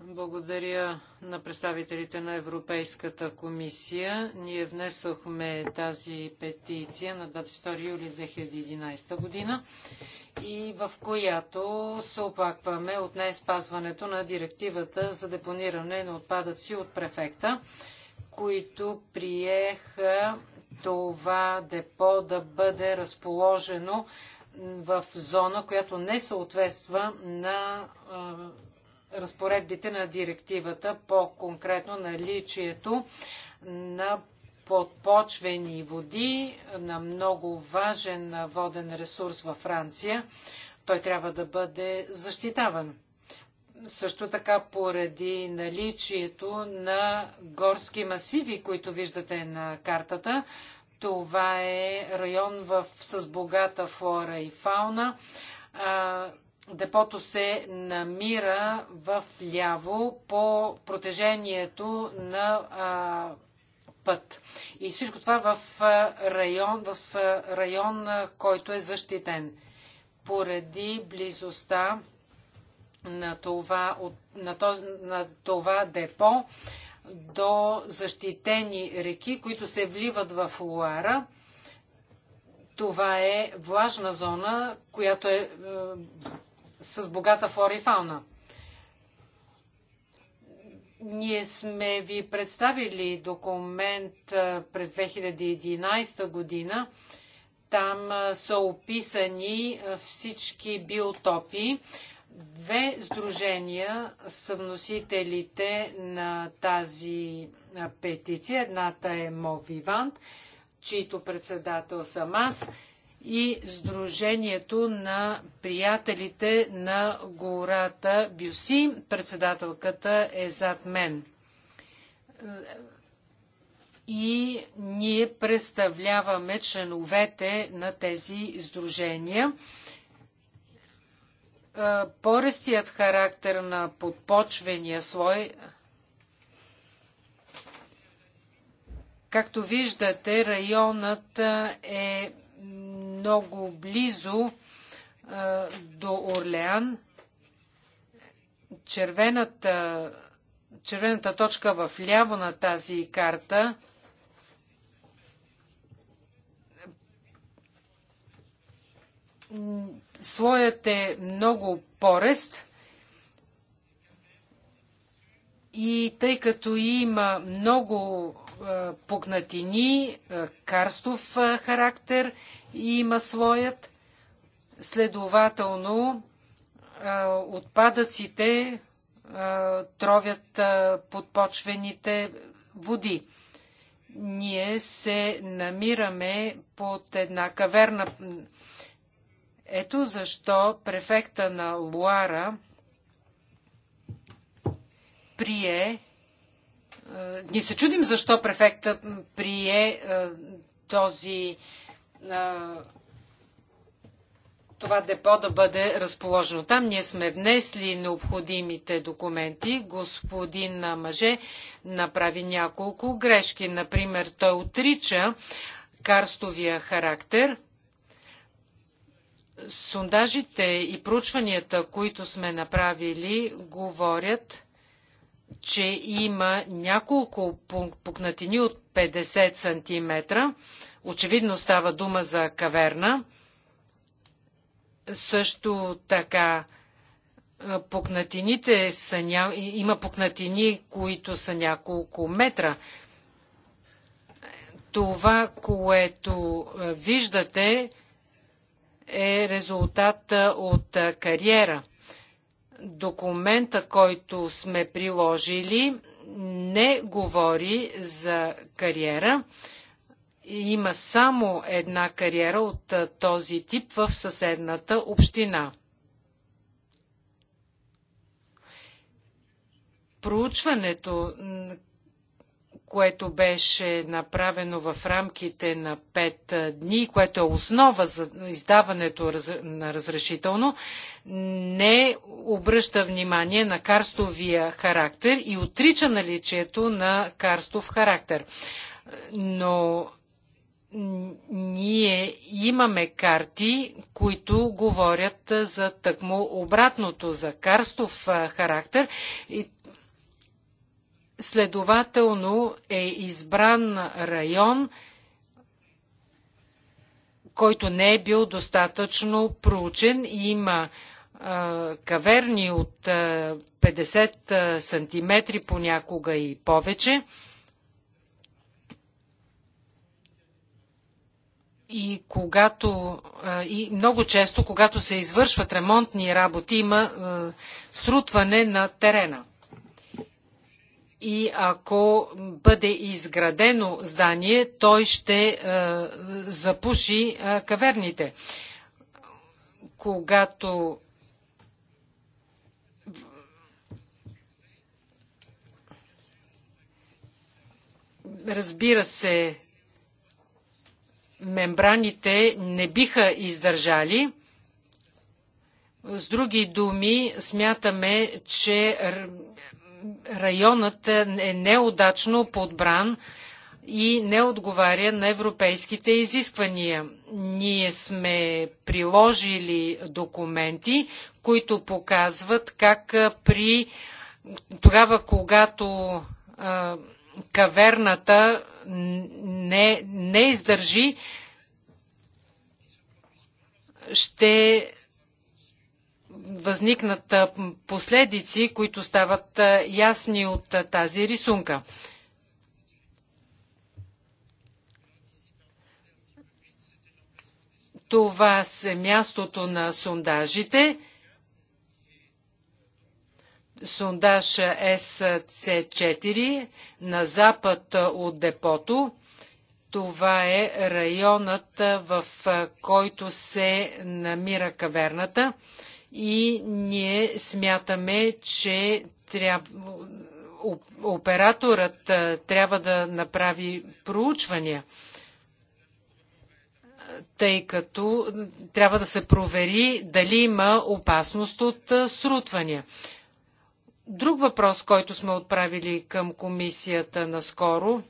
Благодаря на представителите на Европейската комисия. Ние внесохме тази петиция на 22 юли 2011 година и в която се оплакваме от спазването на директивата за депониране на отпадъци от префекта, които приеха това депо да бъде разположено в зона, която не съответства на разпоредбите на директивата, по-конкретно наличието на подпочвени води, на много важен воден ресурс във Франция. Той трябва да бъде защитаван също така поради наличието на горски масиви, които виждате на картата. Това е район в, с богата флора и фауна. А, депото се намира в ляво по протежението на а, път. И всичко това в район, в район, който е защитен. Поради близостта на това, на на това депо до защитени реки, които се вливат в Луара. Това е влажна зона, която е, е с богата флора и фауна. Ние сме ви представили документ е, през 2011 година. Там е, са описани е, всички биотопи Две сдружения са вносителите на тази петиция. Едната е Мовивант, чийто председател съм аз, и Сдружението на приятелите на гората Бюси. Председателката е зад мен. И ние представляваме членовете на тези сдружения Пористият характер на подпочвения слой, както виждате, районът е много близо до Орлеан. Червената, червената точка в ляво на тази карта Слоят е много порест и тъй като има много пукнатини, карстов характер има слоят, следователно отпадъците тровят подпочвените води. Ние се намираме под една каверна ето защо префекта на Луара прие е, ни се чудим защо префекта прие е, този е, това депо да бъде разположено там. Ние сме внесли необходимите документи. Господин Мъже направи няколко грешки. Например, той отрича карстовия характер – Сондажите и проучванията, които сме направили, говорят, че има няколко пукнатини от 50 см. Очевидно става дума за каверна. Също така пукнатините са ня... има пукнатини, които са няколко метра. Това, което виждате, е резултат от кариера. Документа, който сме приложили, не говори за кариера. Има само една кариера от този тип в съседната община. Проучването, което беше направено в рамките на 5 дни, което е основа за издаването на разрешително, не обръща внимание на карстовия характер и отрича наличието на карстов характер. Но ние имаме карти, които говорят за тъкмо обратното, за карстов характер и Следователно е избран район, който не е бил достатъчно проучен и има а, каверни от а, 50 сантиметри понякога и повече. И когато и много често, когато се извършват ремонтни работи, има срутване на терена и ако бъде изградено здание, той ще е, запуши е, каверните. Когато разбира се, мембраните не биха издържали. С други думи, смятаме, че районът е, е неудачно подбран и не отговаря на европейските изисквания. Ние сме приложили документи, които показват как при тогава, когато а, каверната не, не издържи, ще възникнат последици, които стават ясни от тази рисунка. Това е мястото на сондажите. Сондаж SC4 на запад от депото. Това е районът, в който се намира каверната и ние смятаме, че трябва, операторът трябва да направи проучвания, тъй като трябва да се провери дали има опасност от срутвания. Друг въпрос, който сме отправили към комисията наскоро,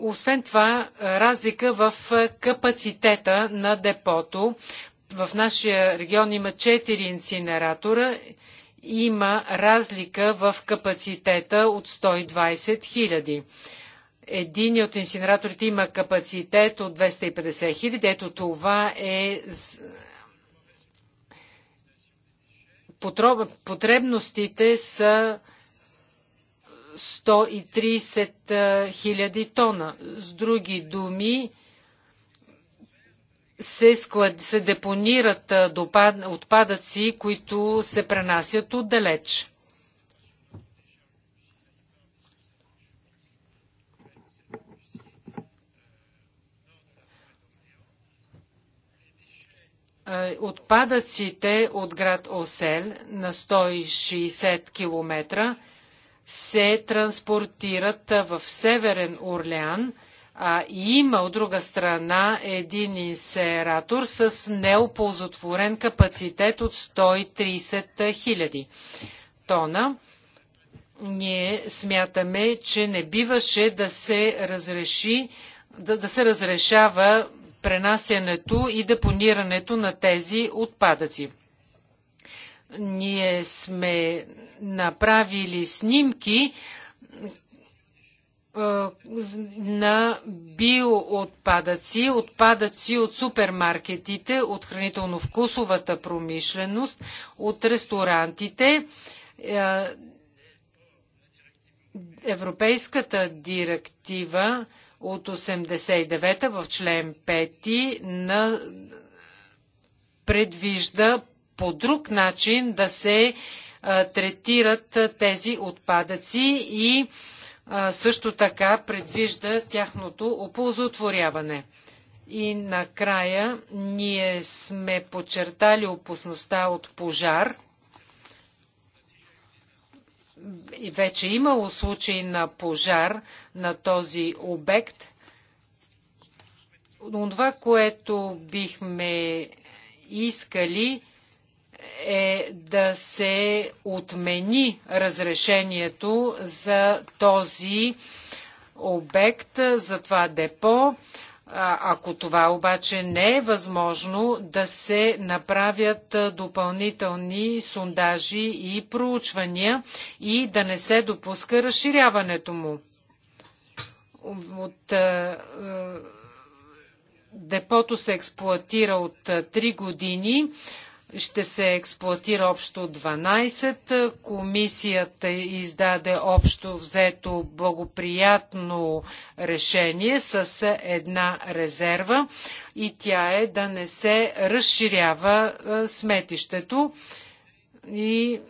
Освен това, разлика в е, капацитета на депото. В нашия регион има 4 инсинератора. Има разлика в капацитета от 120 хиляди. Един от инсинераторите има капацитет от 250 хиляди. Ето това е потребностите са 130 хиляди тона. С други думи, се, склад... се депонират допад... отпадъци, които се пренасят отдалеч. Отпадъците от град Осел на 160 км се транспортират в Северен Орлеан, а има от друга страна един инсератор с неоползотворен капацитет от 130 хиляди тона. Ние смятаме, че не биваше да се разреши да, да се разрешава пренасянето и депонирането на тези отпадъци. Ние сме направили снимки е, на биоотпадъци, отпадъци от супермаркетите, от хранително-вкусовата промишленост, от ресторантите. Е, Европейската директива от 89-та в член 5 на предвижда по друг начин да се третират тези отпадъци и също така предвижда тяхното оползотворяване. И накрая ние сме подчертали опасността от пожар. Вече имало случай на пожар на този обект. Но това, което бихме искали, е да се отмени разрешението за този обект, за това депо. Ако това обаче не е възможно да се направят допълнителни сондажи и проучвания и да не се допуска разширяването му. От, депото се експлуатира от 3 години ще се експлуатира общо 12. Комисията издаде общо взето благоприятно решение с една резерва и тя е да не се разширява сметището и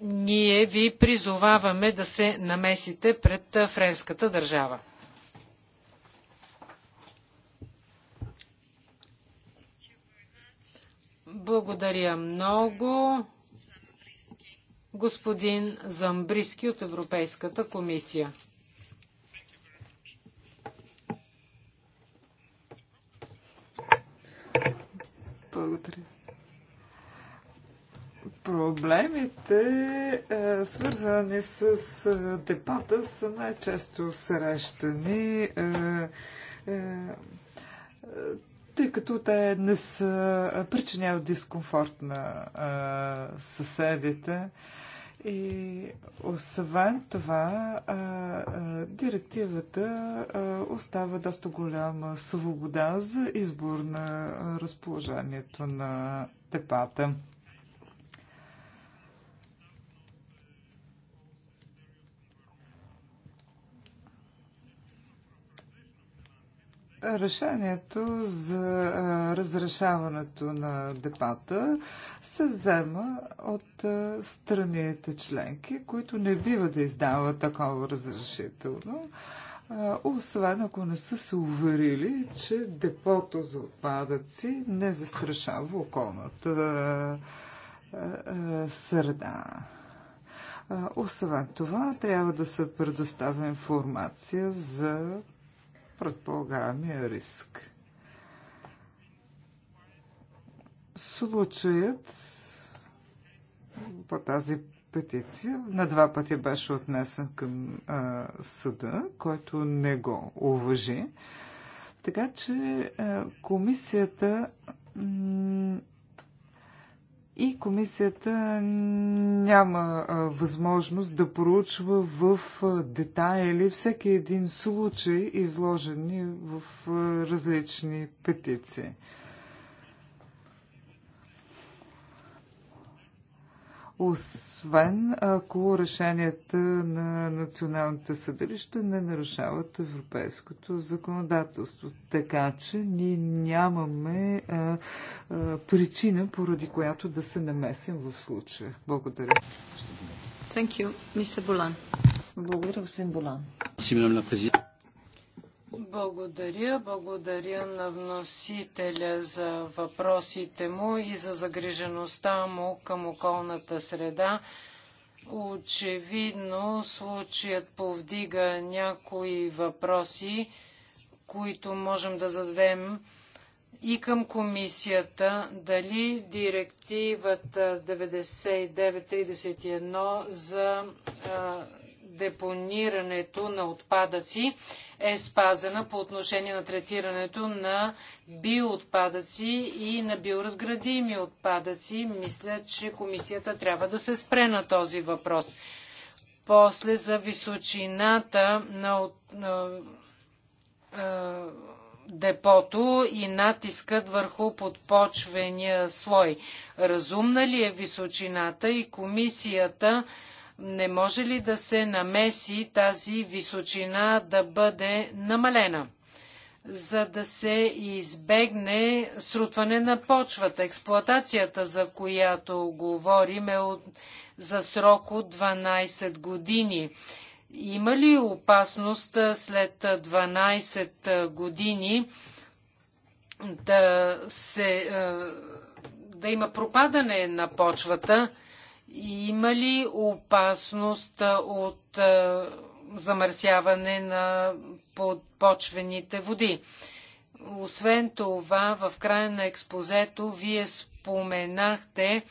ние ви призоваваме да се намесите пред френската държава. Благодаря много. Господин Замбриски от Европейската комисия. Благодаря. Проблемите, е, свързани с е, дебата, са най-често срещани е, тъй като те не са причиняват дискомфорт на а, съседите. И освен това, а, а, директивата а, остава доста голяма свобода за избор на разположението на депата. Решението за разрешаването на депата се взема от страните членки, които не бива да издават такова разрешително, освен ако не са се уверили, че депото за отпадъци не застрашава околната среда. Освен това, трябва да се предоставя информация за предполагаемия е риск. Случаят по тази петиция на два пъти беше отнесен към а, съда, който не го уважи. Така че а, комисията и комисията няма а, възможност да проучва в а, детайли всеки един случай, изложени в а, различни петиции. освен ако решенията на националните съдилища не нарушават европейското законодателство. Така че ние нямаме а, а, причина, поради която да се намесим в случая. Благодаря. Thank you, Mr. Болан. Благодаря, господин Булан. Благодаря. Благодаря на вносителя за въпросите му и за загрижеността му към околната среда. Очевидно случаят повдига някои въпроси, които можем да зададем и към комисията дали директивата 9931 за а, депонирането на отпадъци е спазена по отношение на третирането на биоотпадъци и на биоразградими отпадъци. Мисля, че комисията трябва да се спре на този въпрос. После за височината на, депото и натискът върху подпочвения слой. Разумна ли е височината и комисията не може ли да се намеси тази височина да бъде намалена? за да се избегне срутване на почвата. Експлоатацията, за която говорим, е от, за срок от 12 години. Има ли опасност след 12 години да, се, да има пропадане на почвата? Има ли опасност от замърсяване на подпочвените води? Освен това, в края на експозето вие споменахте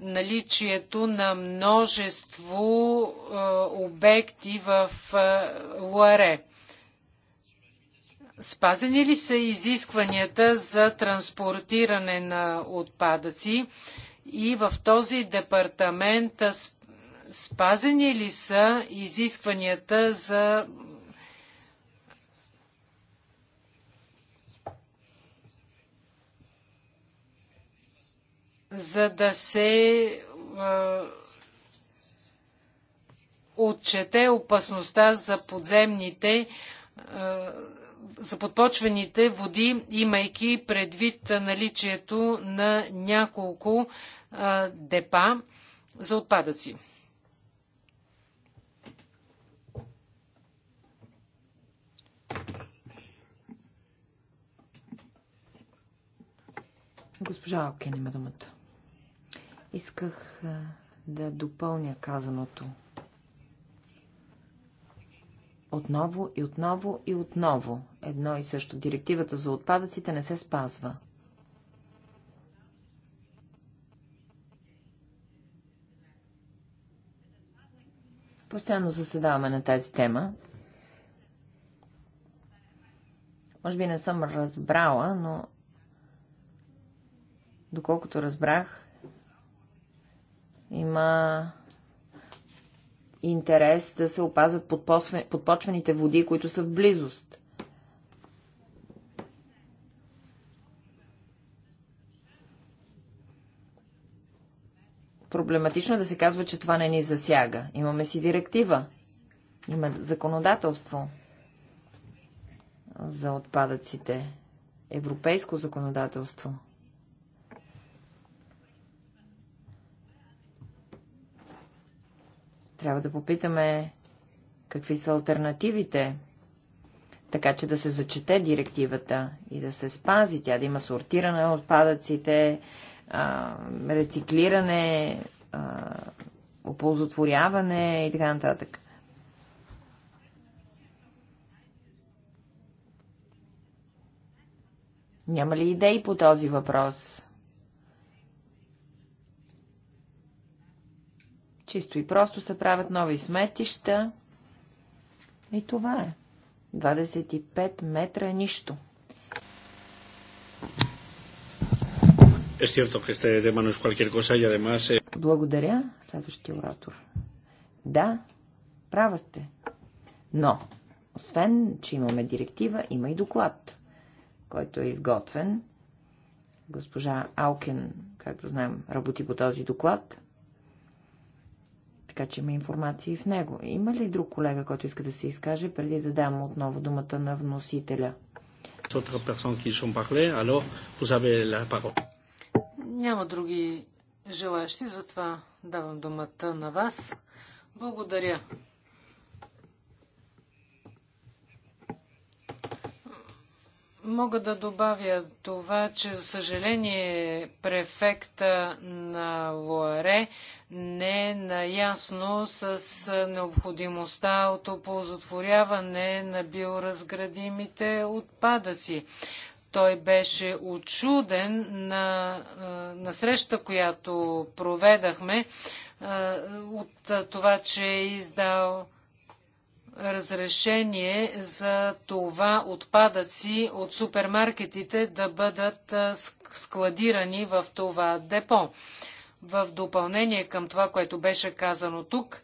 наличието на множество е, обекти в е, Луаре. Спазени ли са изискванията за транспортиране на отпадъци? И в този департамент спазени ли са изискванията за за да се отчете опасността за подземните, за подпочвените води, имайки предвид наличието на няколко депа за отпадъци. Госпожа Окен има думата. Исках да допълня казаното. Отново и отново и отново. Едно и също. Директивата за отпадъците не се спазва. Постоянно заседаваме на тази тема. Може би не съм разбрала, но доколкото разбрах, има интерес да се опазат подпочвените води, които са в близост. проблематично е да се казва, че това не ни засяга. Имаме си директива. Има законодателство за отпадъците. Европейско законодателство. Трябва да попитаме какви са альтернативите, така че да се зачете директивата и да се спази тя, да има сортиране на отпадъците, а, рециклиране, оползотворяване и така нататък. Няма ли идеи по този въпрос? Чисто и просто се правят нови сметища. И това е. 25 метра е нищо. Eh, Благодаря. Следващия оратор. Да, права сте. Но, освен, че имаме директива, има и доклад, който е изготвен. Госпожа Алкен, както знаем, работи по този доклад. Така че има информация и в него. Има ли друг колега, който иска да се изкаже, преди да дам отново думата на вносителя? Autres personnes qui sont parlées, alors няма други желаящи, затова давам думата на вас. Благодаря. Мога да добавя това, че за съжаление префекта на Луаре не е наясно с необходимостта от оползотворяване на биоразградимите отпадъци. Той беше очуден на, на среща, която проведахме от това, че е издал разрешение за това отпадъци от супермаркетите да бъдат складирани в това депо. В допълнение към това, което беше казано тук,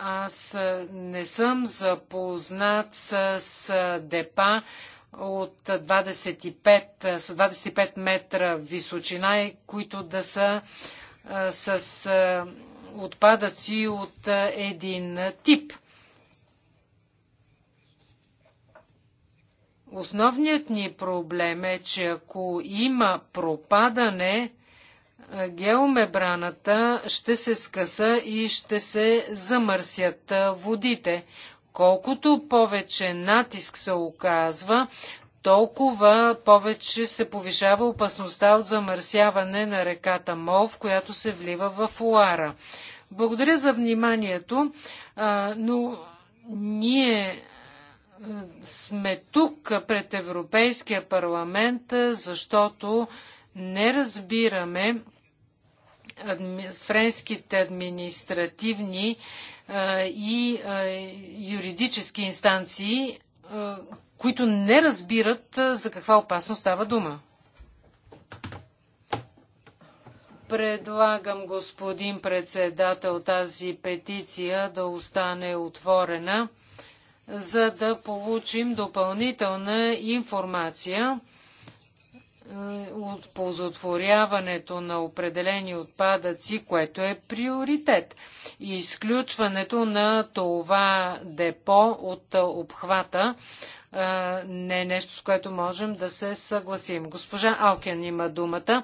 Аз не съм запознат с депа от 25, с 25 метра височина, които да са с отпадъци от един тип. Основният ни проблем е, че ако има пропадане, геомебраната ще се скъса и ще се замърсят водите. Колкото повече натиск се оказва, толкова повече се повишава опасността от замърсяване на реката Мов, която се влива в Луара. Благодаря за вниманието, но ние сме тук пред Европейския парламент, защото не разбираме адми... френските административни а, и а, юридически инстанции, а, които не разбират за каква опасност става дума. Предлагам, господин председател, тази петиция да остане отворена, за да получим допълнителна информация е, от ползотворяването на определени отпадъци, което е приоритет. И изключването на това депо от обхвата е, не е нещо, с което можем да се съгласим. Госпожа Алкен има думата.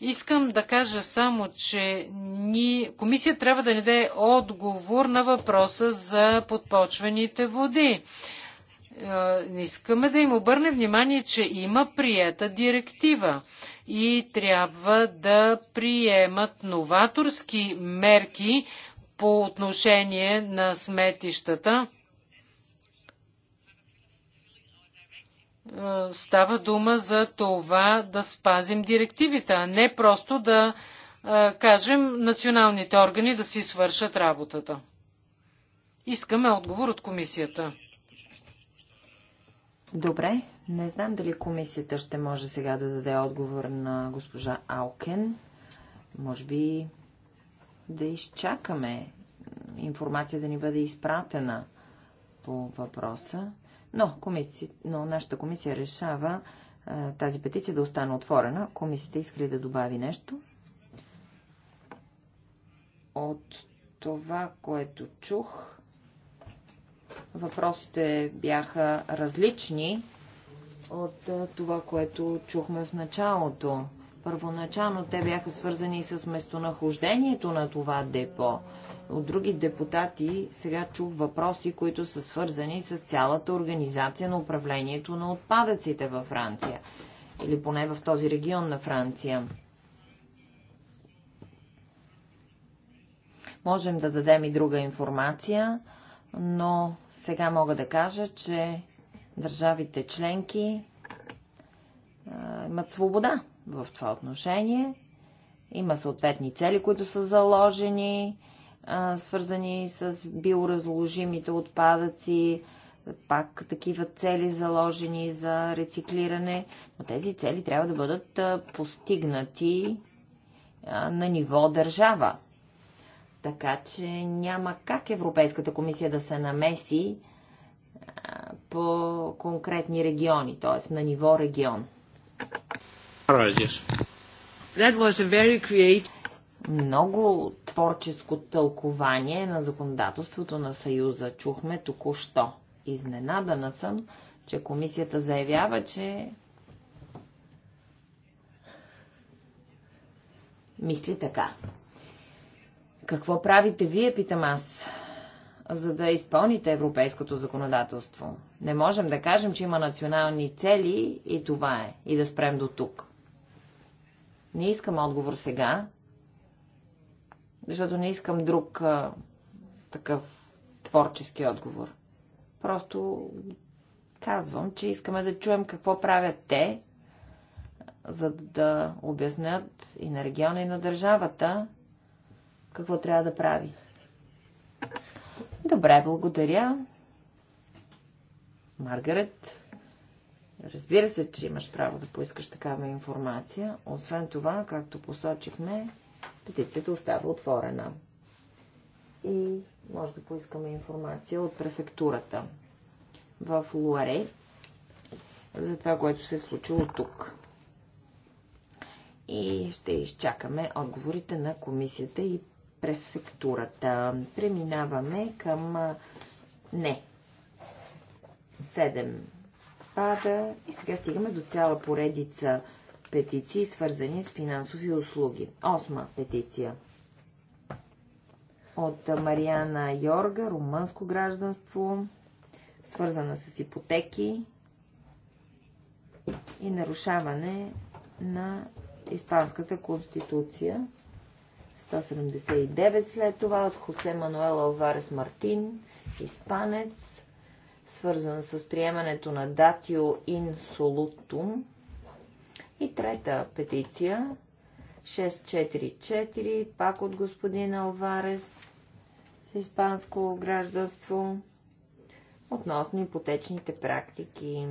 Искам да кажа само, че ни... комисия трябва да ни даде отговор на въпроса за подпочвените води. Е, не искаме да им обърне внимание, че има приета директива и трябва да приемат новаторски мерки по отношение на сметищата. Е, става дума за това да спазим директивите, а не просто да е, кажем националните органи да си свършат работата. Искаме отговор от комисията. Добре, не знам дали комисията ще може сега да даде отговор на госпожа Алкен. Може би да изчакаме информация да ни бъде изпратена по въпроса. Но, комисия, но нашата комисия решава а, тази петиция да остане отворена. Комисията иска ли да добави нещо? От това, което чух, Въпросите бяха различни от това, което чухме в началото. Първоначално те бяха свързани с местонахождението на това депо. От други депутати сега чух въпроси, които са свързани с цялата организация на управлението на отпадъците във Франция. Или поне в този регион на Франция. Можем да дадем и друга информация но сега мога да кажа, че държавите членки имат свобода в това отношение. Има съответни цели, които са заложени, свързани с биоразложимите отпадъци, пак такива цели заложени за рециклиране, но тези цели трябва да бъдат постигнати на ниво държава. Така че няма как Европейската комисия да се намеси а, по конкретни региони, т.е. на ниво регион. Creative... Много творческо тълкование на законодателството на Съюза чухме току-що. Изненадана съм, че комисията заявява, че мисли така. Какво правите вие, питам аз, за да изпълните европейското законодателство? Не можем да кажем, че има национални цели и това е, и да спрем до тук. Не искам отговор сега, защото не искам друг а, такъв творчески отговор. Просто казвам, че искаме да чуем какво правят те, за да обяснят и на региона, и на държавата какво трябва да прави. Добре, благодаря. Маргарет, разбира се, че имаш право да поискаш такава информация. Освен това, както посочихме, петицията остава отворена. И може да поискаме информация от префектурата в Луаре за това, което се е случило тук. И ще изчакаме отговорите на комисията и префектурата. Преминаваме към... Не. Седем пада и сега стигаме до цяла поредица петиции, свързани с финансови услуги. Осма петиция. От Мариана Йорга, румънско гражданство, свързана с ипотеки и нарушаване на Испанската конституция. 179 след това от Хосе Мануел Алварес Мартин, испанец, свързан с приемането на Датио Ин Солутум. И трета петиция, 644, пак от господин Алварес, с испанско гражданство, относно ипотечните практики.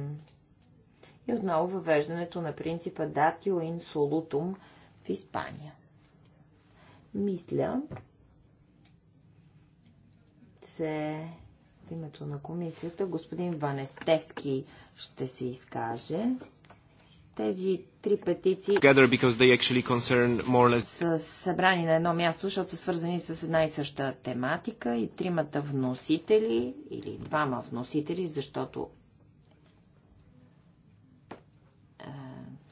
И отново въвеждането на принципа Датио Ин Солутум в Испания. Мисля, Че в името на комисията господин Ванестевски ще се изкаже. Тези три петиции са събрани на едно място, защото са свързани с една и съща тематика и тримата вносители или двама вносители, защото е,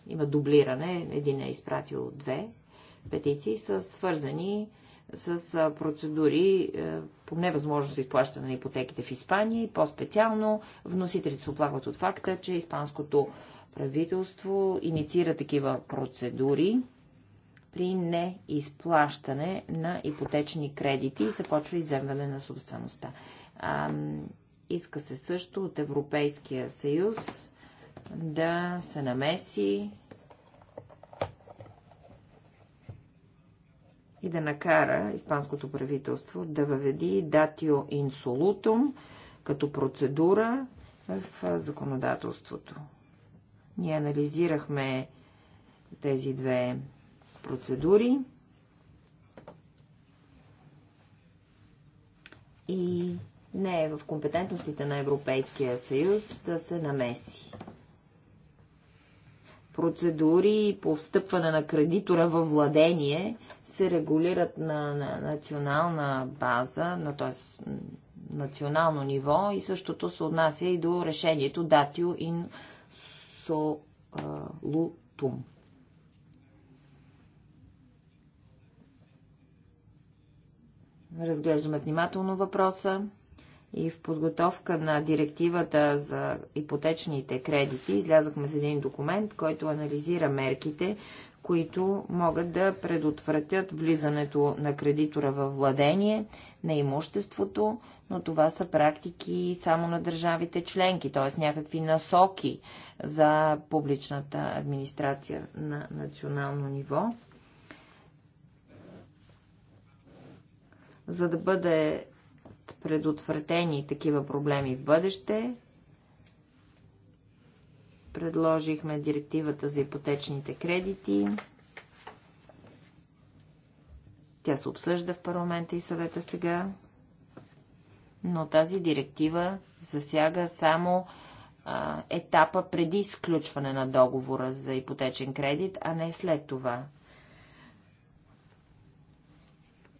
има дублиране. Един е изпратил две петиции са свързани с процедури е, по невъзможност за изплащане на ипотеките в Испания и по-специално вносителите се оплакват от факта, че испанското правителство инициира такива процедури при неизплащане на ипотечни кредити и започва иземване на собствеността. иска се също от Европейския съюз да се намеси и да накара испанското правителство да въведи датио инсолутум като процедура в законодателството. Ние анализирахме тези две процедури и не е в компетентностите на Европейския съюз да се намеси. Процедури по встъпване на кредитора във владение се регулират на, на национална база, на, т.е. национално ниво и същото се отнася и до решението Датио ин Солутум. Разглеждаме внимателно въпроса и в подготовка на директивата за ипотечните кредити излязахме с един документ, който анализира мерките, които могат да предотвратят влизането на кредитора във владение, на имуществото, но това са практики само на държавите членки, т.е. някакви насоки за публичната администрация на национално ниво. За да бъдат предотвратени такива проблеми в бъдеще, Предложихме директивата за ипотечните кредити. Тя се обсъжда в парламента и съвета сега. Но тази директива засяга само а, етапа преди изключване на договора за ипотечен кредит, а не след това.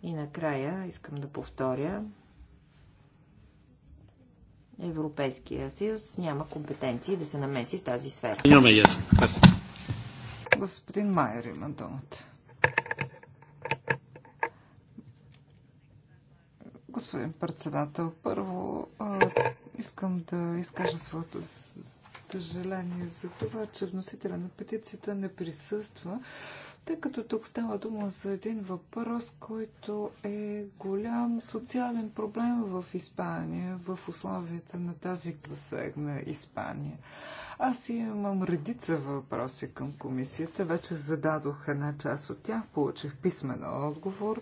И накрая искам да повторя, Европейския съюз няма компетенции да се намеси в тази сфера. Господин Майер има думата. Господин председател, първо а, искам да изкажа своето съжаление за това, че вносителя на петицията не присъства тъй като тук става дума за един въпрос, който е голям социален проблем в Испания, в условията на тази засегна Испания. Аз имам редица въпроси към комисията. Вече зададох една част от тях, получих писмен отговор.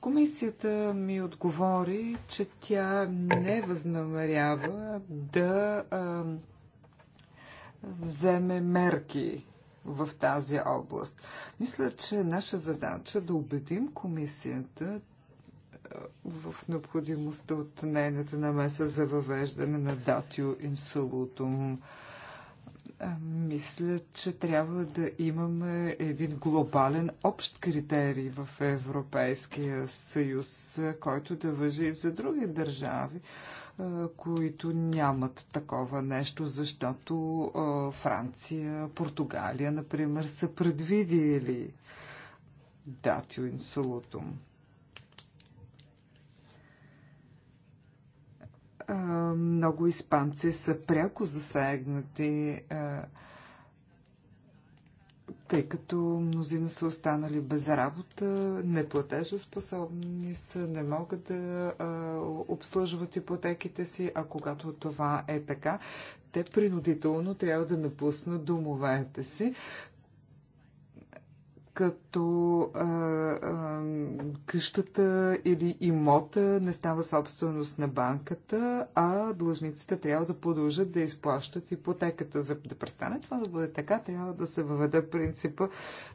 Комисията ми отговори, че тя не възнамерява да а, вземе мерки в тази област. Мисля, че наша задача е да убедим комисията е, в необходимостта от нейната намеса за въвеждане на датио инсулутум. Е, мисля, че трябва да имаме един глобален общ критерий в Европейския съюз, е, който да въжи и за други държави които нямат такова нещо, защото Франция, Португалия, например, са предвидили датио инсулутум. Много испанци са пряко засегнати тъй като мнозина са останали без работа, неплатежоспособни са, не могат да а, обслужват ипотеките си, а когато това е така, те принудително трябва да напуснат домовете си като а, а, къщата или имота не става собственост на банката, а длъжниците трябва да продължат да изплащат ипотеката. За да престане това да бъде така, трябва да се въведе принципа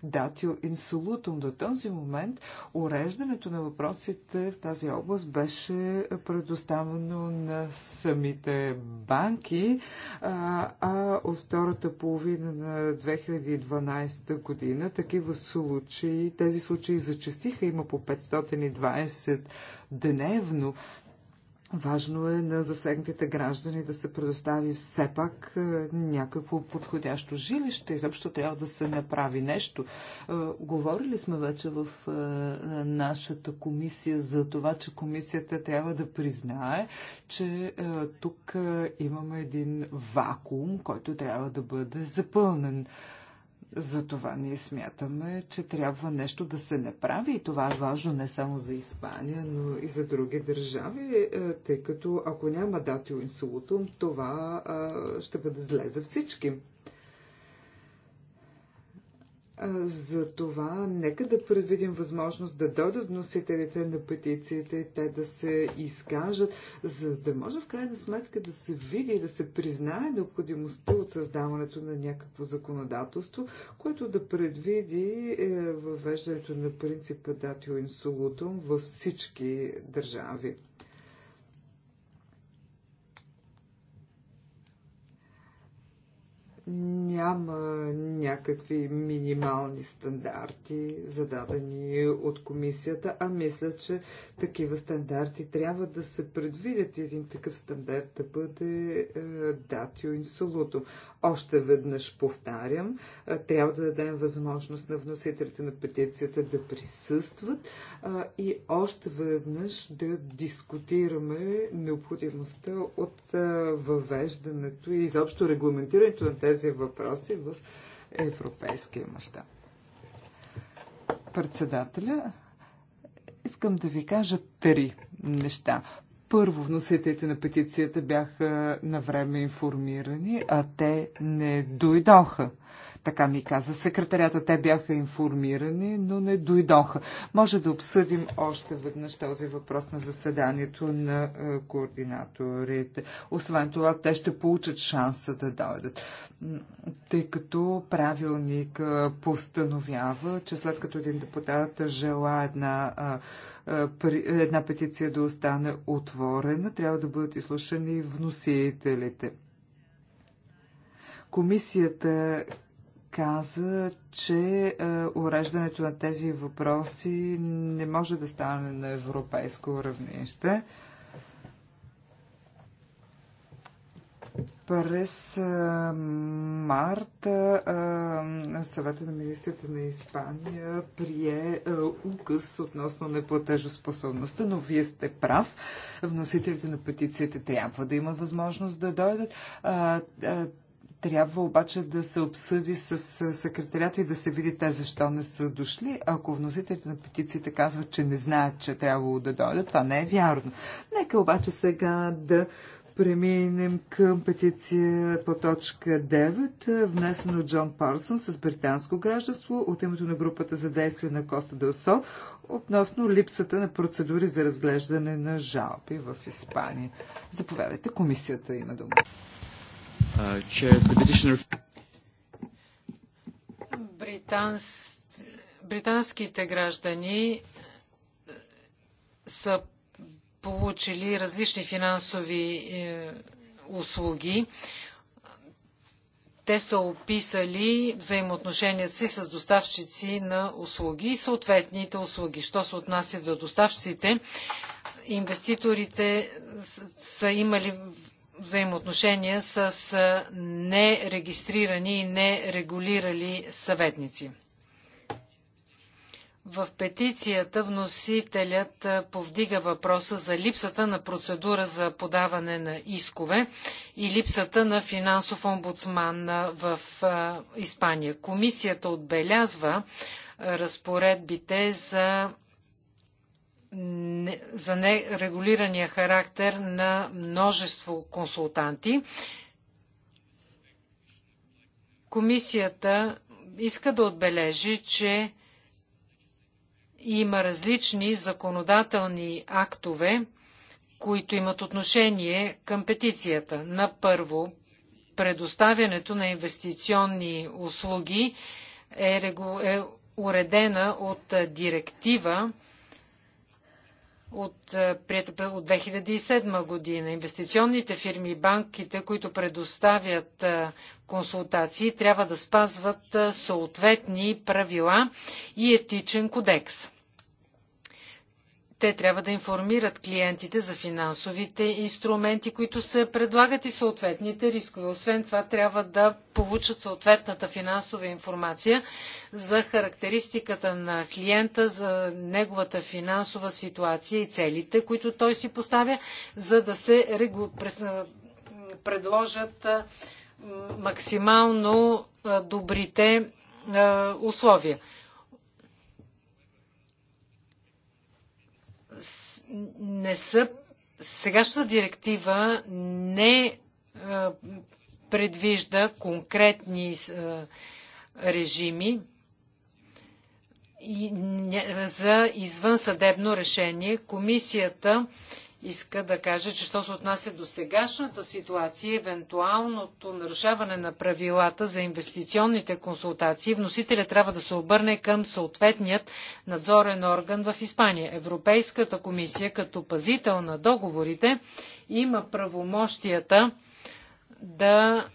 датио инсулутум. До този момент уреждането на въпросите в тази област беше предоставено на самите банки, а, а от втората половина на 2012 година такива случаи, тези случаи зачастиха, има по 520 дневно. Важно е на засегнатите граждани да се предостави все пак е, някакво подходящо жилище. Изобщо трябва да се направи нещо. Е, говорили сме вече в е, нашата комисия за това, че комисията трябва да признае, че тук имаме един вакуум, който трябва да бъде запълнен. Затова ние смятаме, че трябва нещо да се направи и това е важно не само за Испания, но и за други държави, е, тъй като ако няма дати инсултум, това ще бъде зле за всички. За това нека да предвидим възможност да дойдат носителите на петициите, те да се изкажат, за да може в крайна сметка да се види и да се признае необходимостта от създаването на някакво законодателство, което да предвиди е, въвеждането на принципа Датио Инсулутум във всички държави. няма някакви минимални стандарти, зададени от комисията, а мисля, че такива стандарти трябва да се предвидят един такъв стандарт да бъде е, датио инсулуто. Още веднъж повтарям, е, трябва да дадем възможност на вносителите на петицията да присъстват е, и още веднъж да дискутираме необходимостта от въвеждането и изобщо регламентирането на тези тези въпроси в европейския мащаб. Председателя, искам да ви кажа три неща. Първо, вносителите на петицията бяха на време информирани, а те не дойдоха. Така ми каза секретарята. Те бяха информирани, но не дойдоха. Може да обсъдим още веднъж този въпрос на заседанието на е, координаторите. Освен това, те ще получат шанса да дойдат. Тъй като правилник е, постановява, че след като един депутат жела една, е, една петиция да остане отворена, трябва да бъдат изслушани вносителите. Комисията каза, че е, уреждането на тези въпроси не може да стане на европейско равнище. През е, март е, съвета на министрите на Испания прие указ относно неплатежоспособността, но вие сте прав. Вносителите на петициите трябва да имат възможност да дойдат трябва обаче да се обсъди с секретарята и да се види те защо не са дошли. Ако вносителите на петициите казват, че не знаят, че трябвало да дойдат, това не е вярно. Нека обаче сега да преминем към петиция по точка 9, внесена от Джон Парсън с британско гражданство от името на групата за действие на Коста Делсо относно липсата на процедури за разглеждане на жалби в Испания. Заповядайте, комисията има дума че Британс... Британските граждани е, са получили различни финансови е, услуги. Те са описали взаимоотношенията си с доставчици на услуги и съответните услуги. Що се отнася до доставчиците, инвеститорите са имали взаимоотношения с нерегистрирани и нерегулирали съветници. В петицията вносителят повдига въпроса за липсата на процедура за подаване на искове и липсата на финансов омбудсман в Испания. Комисията отбелязва разпоредбите за за нерегулирания характер на множество консултанти. Комисията иска да отбележи, че има различни законодателни актове, които имат отношение към петицията. На първо, предоставянето на инвестиционни услуги е, е уредена от директива от, е, прията от 2007 година. Инвестиционните фирми и банките, които предоставят е, консултации, трябва да спазват е, съответни правила и етичен кодекс те трябва да информират клиентите за финансовите инструменти, които се предлагат и съответните рискове. Освен това, трябва да получат съответната финансова информация за характеристиката на клиента, за неговата финансова ситуация и целите, които той си поставя, за да се регу... предложат максимално добрите условия. не са сегашната директива не е, предвижда конкретни е, режими за извънсъдебно решение. Комисията иска да каже, че що се отнася до сегашната ситуация, евентуалното нарушаване на правилата за инвестиционните консултации, вносителя трябва да се обърне към съответният надзорен орган в Испания. Европейската комисия, като пазител на договорите, има правомощията да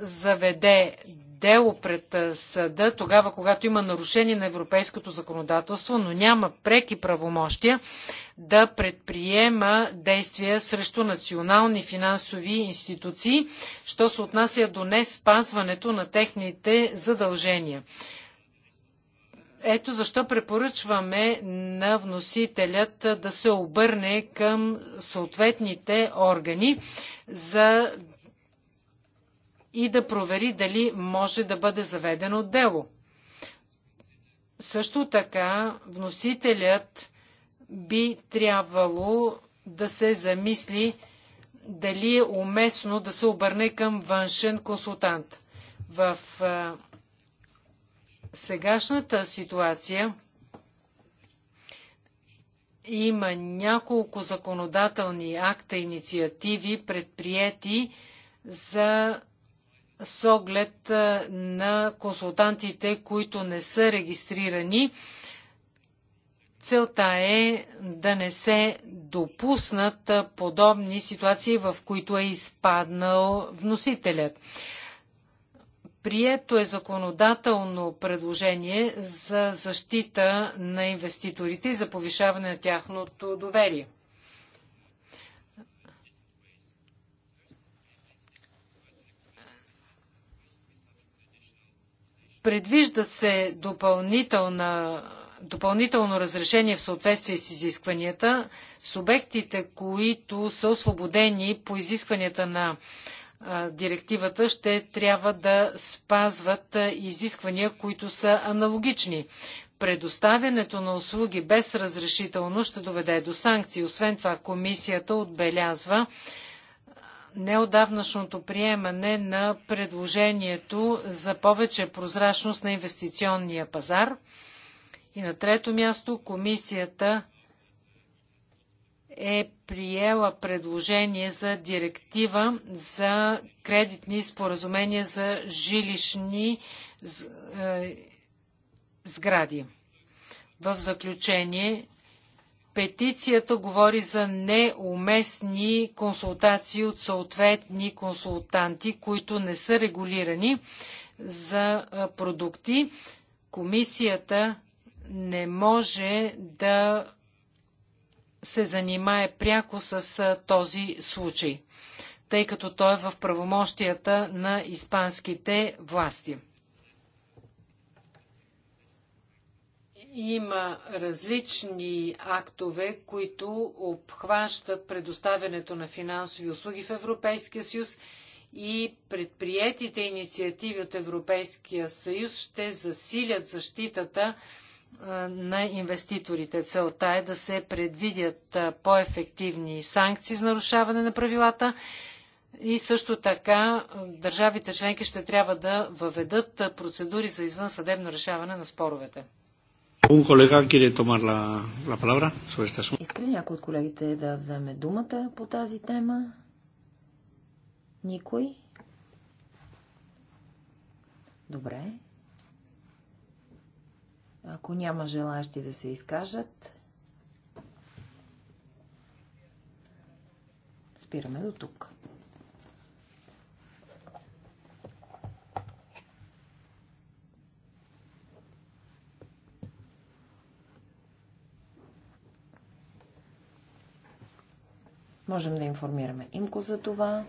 заведе дело пред съда, тогава когато има нарушение на европейското законодателство, но няма преки правомощия да предприема действия срещу национални финансови институции, що се отнася до не спазването на техните задължения. Ето защо препоръчваме на вносителят да се обърне към съответните органи, за и да провери дали може да бъде заведено дело. Също така, вносителят би трябвало да се замисли дали е уместно да се обърне към външен консултант. В сегашната ситуация има няколко законодателни акта, инициативи, предприяти за с оглед на консултантите, които не са регистрирани. Целта е да не се допуснат подобни ситуации, в които е изпаднал вносителят. Прието е законодателно предложение за защита на инвеститорите и за повишаване на тяхното доверие. Предвижда се допълнително разрешение в съответствие с изискванията. Субектите, които са освободени по изискванията на директивата, ще трябва да спазват изисквания, които са аналогични. Предоставянето на услуги без разрешително ще доведе до санкции. Освен това, комисията отбелязва, неодавнашното приемане на предложението за повече прозрачност на инвестиционния пазар. И на трето място комисията е приела предложение за директива за кредитни споразумения за жилищни е, сгради. В заключение, петицията говори за неуместни консултации от съответни консултанти, които не са регулирани за продукти. Комисията не може да се занимае пряко с този случай, тъй като той е в правомощията на испанските власти. Има различни актове, които обхващат предоставянето на финансови услуги в Европейския съюз и предприетите инициативи от Европейския съюз ще засилят защитата на инвеститорите. Целта е да се предвидят по-ефективни санкции за нарушаване на правилата и също така държавите членки ще трябва да въведат процедури за извънсъдебно решаване на споровете. Un колега quiere tomar la, la palabra sobre este asunto? Иска ли някой от колегите да вземе думата по тази тема? Никой? Добре. Ако няма желащи да се изкажат, спираме до тук. Можем да информираме имко за това.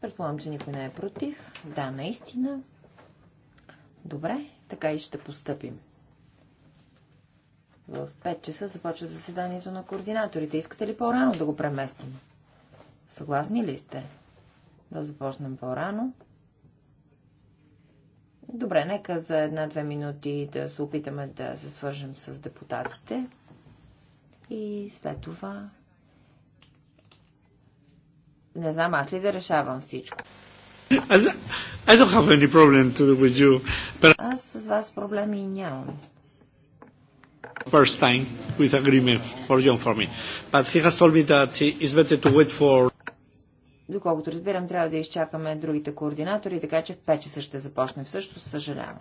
Предполагам, че никой не е против. Да, наистина. Добре, така и ще постъпим. В 5 часа започва заседанието на координаторите. Искате ли по-рано да го преместим? Съгласни ли сте? Да започнем по-рано. Добре, нека за една-две минути да се опитаме да се свържем с депутатите. И след това... Не знам аз ли да решавам всичко. I don't have any problem to do with you, but... Аз с вас проблеми нямам. First time with agreement for John for me. But he has told me that it's better to wait for... Доколкото разбирам, трябва да изчакаме другите координатори, така че в 5 часа ще започне. Всъщност съжалявам.